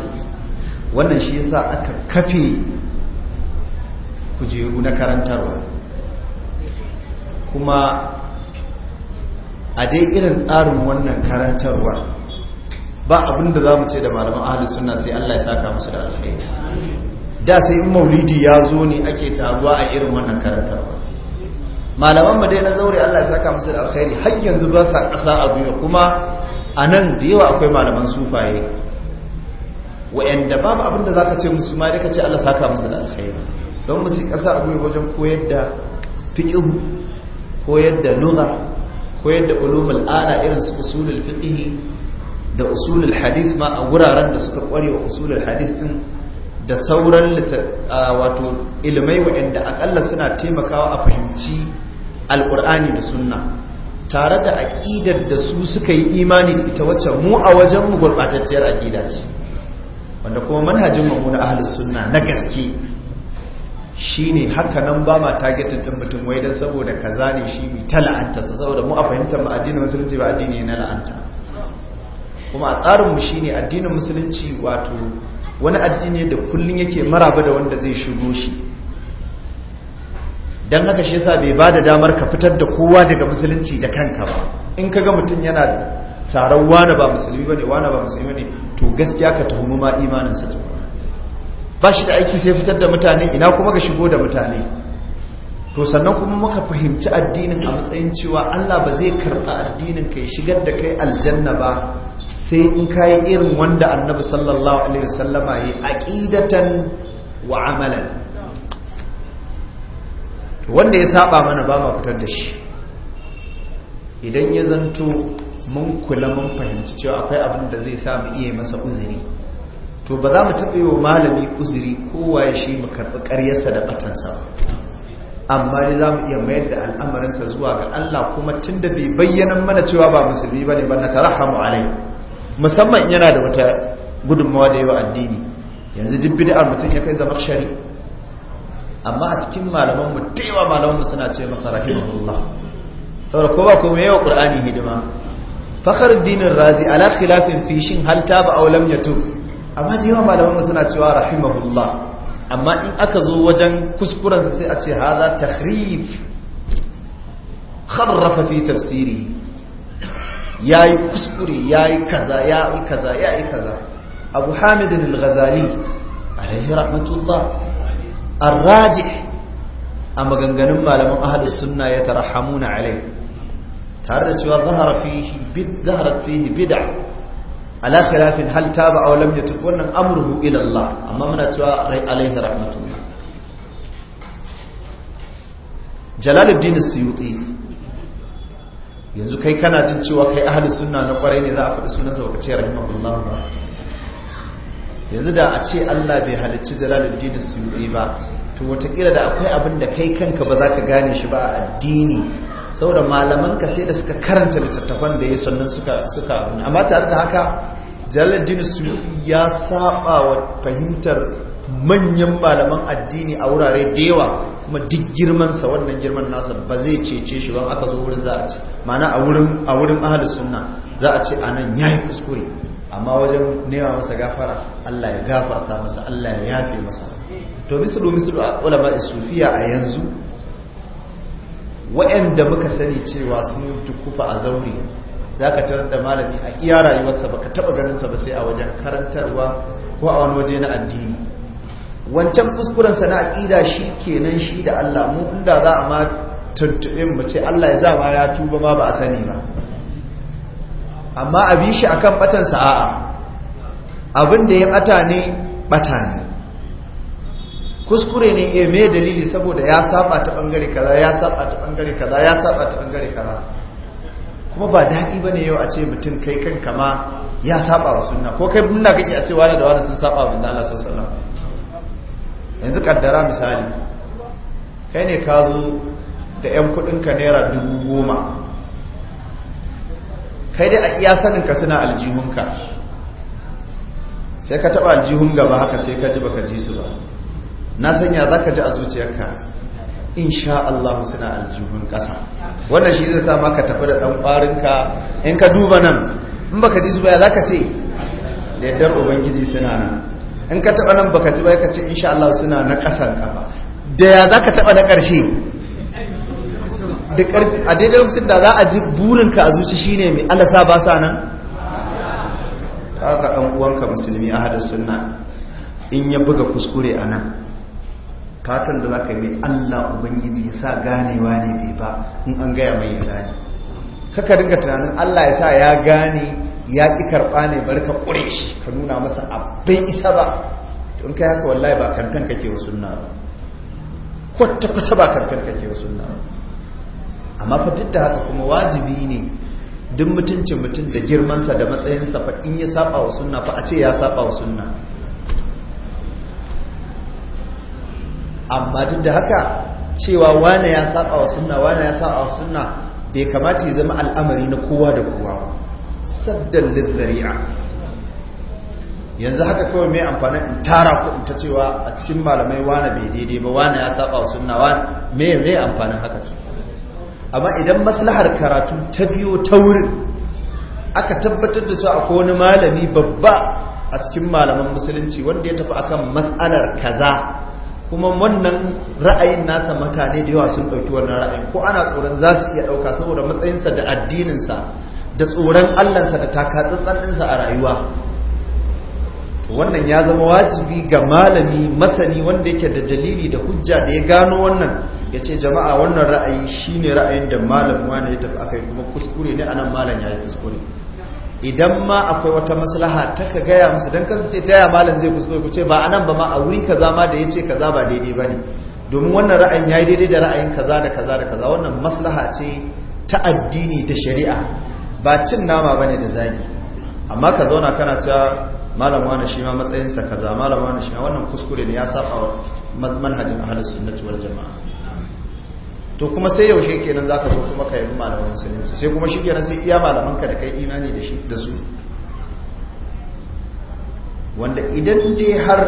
S1: wannan shi yasa aka kafe kujeru na karantarwa kuma a dai irin tsarin wannan karantarwa ba abinda za mu ce da malaman ahli sunna sai Allah ya saka musu da alkhairi da sai in maulidi ya zo ne ake taruwa a irin wannan karantarwa malaman mu dai na zaure Allah ya saka musu da alkhairi har yanzu ba sa ƙasa a duniya kuma a nan da yawa akwai malaman sufaye wa'anda babu abin da zaka ce musu ma ka ce Allah saka musu da alkhairi don musu ƙasa a duniya wajen koyar da fiqh koyar da lugha koyar da ulumul ala irin su usulul fiqh da usulul hadith ma a wuraren da suka kware wa usulul hadith din da sauran wato ilimai waɗanda akalla suna taimakawa a fahimci alkur'ani da sunna tare da aƙidar da su suka yi imani da ita wacce mu a wajen mu gurɓatacciyar aƙida ce wanda kuma manhajin mu na halin sunna na gaske ne haka nan ba ma targetin ɗin mutum wai don saboda kaza ne shi mai ta la'anta saboda mu a fahimtar mu addinin musulunci ba addini na la'anta kuma a tsarinmu shi ne addinin musulunci wato wani addini da kullum yake maraba da wanda zai shigo shi Don haka shi yasa bai bada damar ka fitar da kowa daga musulunci da kanka ba in ka ga mutum yana tsaron wane ba musulmi ba ne wane ba musulmi ne, to gaskiya ka tuhumi ma imanin sa ba shi da aiki sai fitar da mutane ina kuma ka shigo da mutane to sannan kuma muka fahimci addinin a matsayin cewa Allah ba zai karɓa addinin ka ya shigar da kai aljanna ba sai in kayi irin wanda annabi sallallahu alaihi wasallama yi aqidatan wa amalan wanda ya saba mana ba ma fitar da shi idan ya zanto mun kula mun fahimci cewa akwai abin da zai sa mu iya masa uzuri to ba za mu taɓa yi wa malami uzuri kowa ya shi mu karɓi ƙaryarsa da ɓatansa amma dai za mu iya mayar da al'amarinsa zuwa ga Allah kuma tun da bai bayyana mana cewa ba musulmi ba ne ba na tarahamu alai musamman yana da wata gudunmawa da yawa addini yanzu duk bid'ar mutum ya kai zama shari amma a cikin malaman mu da malaman mu suna ce masa rahimahullah saboda ko ba kuma yawa qur'ani hidima fakar dinin razi ala khilafin fi shin hal ta aw lam yatub amma da malaman mu suna cewa rahimahullah amma in aka zo wajen kuskuren sai a ce haza tahrif kharrafa fi tafsiri ya yi kuskure ya yi kaza ya yi kaza ya yi kaza abu hamidin al-ghazali alaihi rahmatullah arraji a maganganun malaman ahalus sunna ya tarahamuna alai tare da cewa zahara fihi bid zaharat fihi bid'a ala khilafin hal ta taba aw lam yatub wannan amruhu ila Allah amma muna cewa alaihi rahmatullah jalaluddin suyuti yanzu kai kana cin cewa kai ahli sunna na kwarai ne za a faɗi sunan sa rahima rahimahullah ba yanzu da a ce Allah bai halicci Jalaluddin Suyuti ba to watakila da akwai abin da kai kanka ba za ka gane shi ba a addini saboda malaman ka sai da suka karanta littattafan da ya sannan suka suka amma tare da haka Jalaluddin Suyuti ya saba wa fahimtar manyan malaman addini a wurare da yawa kuma duk girmansa wannan girman nasa ba zai cece shi ba aka zo wurin za a ci mana a wurin ahal sunna za a ce anan ya yi kuskure amma wajen nema masa gafara Allah ya gafarta masa Allah ya yafe masa to misulu misulu a ulama sufiya a yanzu wa'anda muka sani cewa sun dukufa a zaure za ka tarar da malami a iya rayuwarsa baka taba ganinsa ba sai a wajen karantarwa ko a wani waje na addini wancan kuskuren sa na aqida shi kenan shi da Allah mu inda za a ma tuntuɓin mu ce Allah ya za ma ya tuba ma ba a sani ba amma a bi shi akan batan sa a'a abin da ya bata ne bata ne kuskure ne eh me dalili saboda ya saba ta bangare kaza ya saba ta bangare kaza ya saba ta bangare kaza kuma ba daɗi ba ne yau a ce mutum kai kanka ma ya saba wa sunna ko kai bunna kake a ce wani da wani sun saba wa Allah sallallahu alaihi wasallam yanzu kaddara misali kai ne ka zo da 'yan kudinka naira dubu goma kai dai a iya saninka suna aljihunka sai ka taba aljihun gaba haka sai ka ji baka ji su ba na sanya za ka ji a zuciyarka insha Allah suna aljihun ƙasa wannan shi zai sama ka tafi da ɗan ƙwarinka in ka duba nan in baka ji su ya za ka ce da yadda ubangiji suna nan in ka taba nan baka ji bai ka ce insha Allah suna na kasan kafa da ya zaka taba na karshe da karfi a daidai lokacin da za a ji burinka a zuci shine mai Allah sa ba sa nan ka dan uwanka musulmi a hada sunna in ya buga kuskure a nan fatan da za ka yi Allah Ubangiji ya sa ganewa ne bai ba in an gaya mai ya gane kaka dinga tunanin Allah ya sa ya gane ya ƙi karɓa ne bari ka ƙure shi ka nuna masa abin isa ba in ka haka wallahi ba kamfen kake wa suna ba kwata-kwata ba kamfen kake wa suna. ba amma fa duk da haka kuma wajibi ne duk mutuncin mutum da girmansa da matsayinsa fa in ya saba wa suna fa a ce ya saba wa suna amma duk da haka cewa wane ya saba wa suna, wane ya saba wa suna bai kamata ya zama al'amari na kowa da kowa ba saddan Zaria yanzu haka kawai mai amfani in tara ku in ta cewa a cikin malamai wane bai daidai ba wane ya saba wa suna wane mai amfanin haka ce amma idan maslahar karatu ta biyo ta wurin aka tabbatar da cewa akwai wani malami babba a cikin malaman musulunci wanda ya tafi akan matsalar kaza kuma wannan ra'ayin nasa mutane da yawa sun ɗauki wannan ra'ayin ko ana tsoron za su iya ɗauka saboda matsayinsa da addininsa da tsoron allansa da sa a rayuwa wannan ya zama wajibi ga malami masani wanda yake da dalili da hujja da ya gano wannan ya ce jama'a wannan ra'ayi shine ra'ayin da malam wani ya tafi aka yi kuma kuskure ne anan malam ya yi kuskure idan ma akwai wata maslaha ta ka gaya musu don kansu ce ta yaya malam zai kuskure ku ce ba anan ba ma a wuri kaza ma da ya ce kaza ba daidai ba ne domin wannan ra'ayin ya yi daidai da ra'ayin kaza da kaza da kaza wannan maslaha ce ta addini da shari'a ba cin nama ba ne da zagi amma ka zauna kana cewa malam wani shi ma matsayinsa kaza malam wani shi ma wannan kuskure ne ya saba manhajin ahlus sunnati wal jamaa to kuma sai yaushe kenan zaka zo kuma ka yi malaman musulunci sai kuma shi kenan sai iya malamanka da kai imani da shi da su wanda idan dai har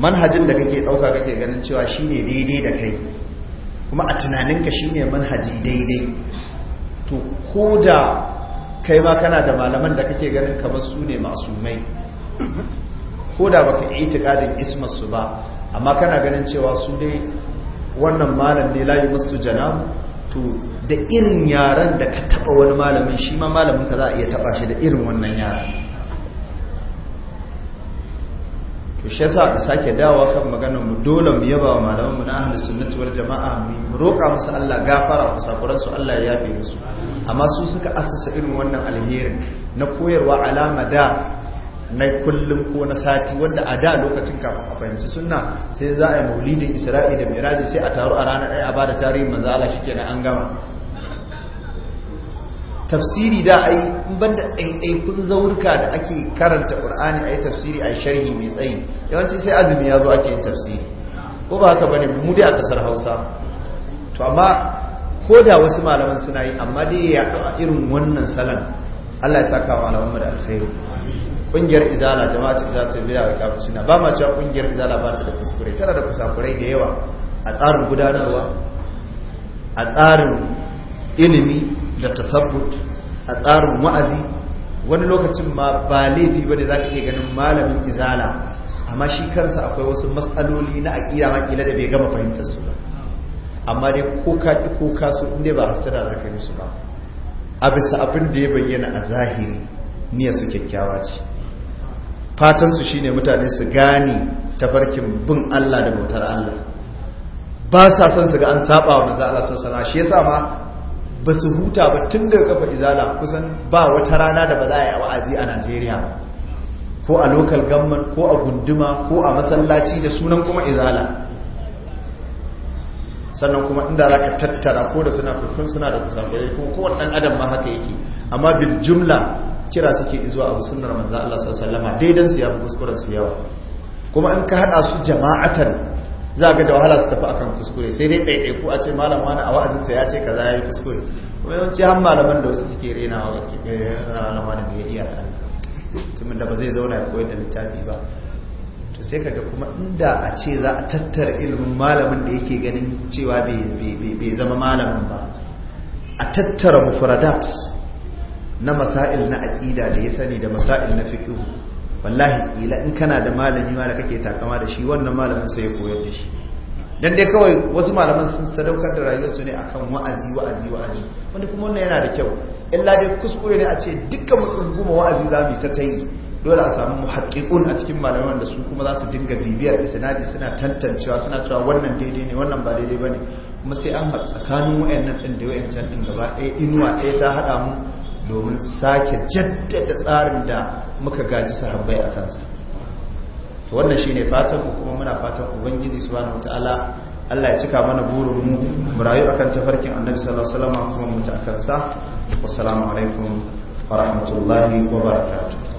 S1: manhajin da kake dauka kake ganin cewa shine daidai da kai kuma a tunaninka shine manhaji daidai to ko da kai ma kana da malaman da kake ganin kamar su ne mai, ko da baka yi itikadin ismar su ba amma kana ganin cewa su dai wannan malam ne layi musu janam to da irin yaran da ka taba wani malamin shi ma malamin ka za a iya taba shi da irin wannan yaran to shi yasa ka sake dawa kan maganar mu dole mu yaba wa malaman mu na ahlus sunnati wal jama'a mu roƙa musu Allah gafara ku sakuran su Allah ya yafe musu amma su suka asasa irin wannan alherin na koyarwa alama da na kullum ko na sati wanda a da lokacin kafin a fahimci sunna sai za a yi maulidin isra'i da miraji sai a taru a ranar ɗaya a ba da tarihin manzo Allah na an gama tafsiri da yi in da ɗaiɗaikun zaurka da ake karanta a ayi tafsiri yi sharhi mai tsayi yawanci sai azumi ya zo ake yin tafsiri ko ba haka ba ne mu dai a kasar Hausa to amma ko da wasu malaman suna yi amma dai ya a irin wannan salon Allah ya saka wa malaman da alkhairu kungiyar izala jama'a ce za ta yi wa iqamatu suna ba ma cewa kungiyar izala ba ta da kuskure tana da kusakurai da yawa a tsarin gudanarwa a tsarin ilimi da tasabbut a tsarin wa'azi wani lokacin ma ba laifi bane zaka iya ganin malamin izala amma shi kansa akwai wasu matsaloli na aƙida makila da bai gama fahimtar su ba amma dai ko ka ki ko inda ba hasada za yi su ba a bisa abin da ya bayyana a zahiri niyyar su kyakkyawa ce fatan su shine mutane su gane tafarkin bin Allah da bautar Allah ba sa son su ga an saba wa manzo Allah sallallahu alaihi wasallam shi yasa ma ba su huta ba tun daga kafa izala kusan ba wata rana da ba za a yi wa'azi a Najeriya ko a local government ko a gunduma ko a masallaci da sunan kuma izala sannan kuma inda za ka tattara ko da suna kukun suna da kusurwa ko kowane ɗan adam ma haka yake amma bil jumla kira suke zuwa abu sunar manza Allah sallallahu daidan su ya fi kuskuren su yawa kuma in ka hada su jama'atan za ga da wahala su tafi akan kuskure sai dai ɗaiɗai ku a ce malam wani a wa'azinsa ya ce kaza ya yi kuskure kuma yawanci har malaman da wasu suke rena wa ga eh, malaman da ya iya mutumin da ba zai zauna ya koyar da littafi ba to sai kaga kuma inda a ce za a tattara ilimin malamin da yake ganin cewa bai zama malamin ba a tattara mufradat na masail na aqida da ya sani da masail na fiqh wallahi ila in kana da malami ma da kake takama da shi wannan malamin sai ya koyar da shi dan dai kawai wasu malaman sun sadaukar da rayuwarsu ne akan wa'azi wa'azi wa'azi wanda kuma wannan yana da kyau illa dai kuskure ne a ce dukkan mutum goma wa'azi za mu ta tayi dole a samu muhakkikun a cikin malamai wanda su kuma za su dinga bibiyar isnadi suna tantancewa suna cewa wannan daidai ne wannan ba daidai bane kuma sai an haɗu tsakanin wayannan din da wayancan din gaba ɗaya inuwa ɗaya ta haɗa mu domin sake jaddada tsarin da muka gaji sahabbai a kansa to wannan shine fatan ku kuma muna fatan ubangiji subhanahu wataala Allah ya cika mana burin mu
S2: mu rayu akan tafarkin annabi sallallahu alaihi wasallam kuma mu ta kansa assalamu alaikum wa rahmatullahi wa barakatuh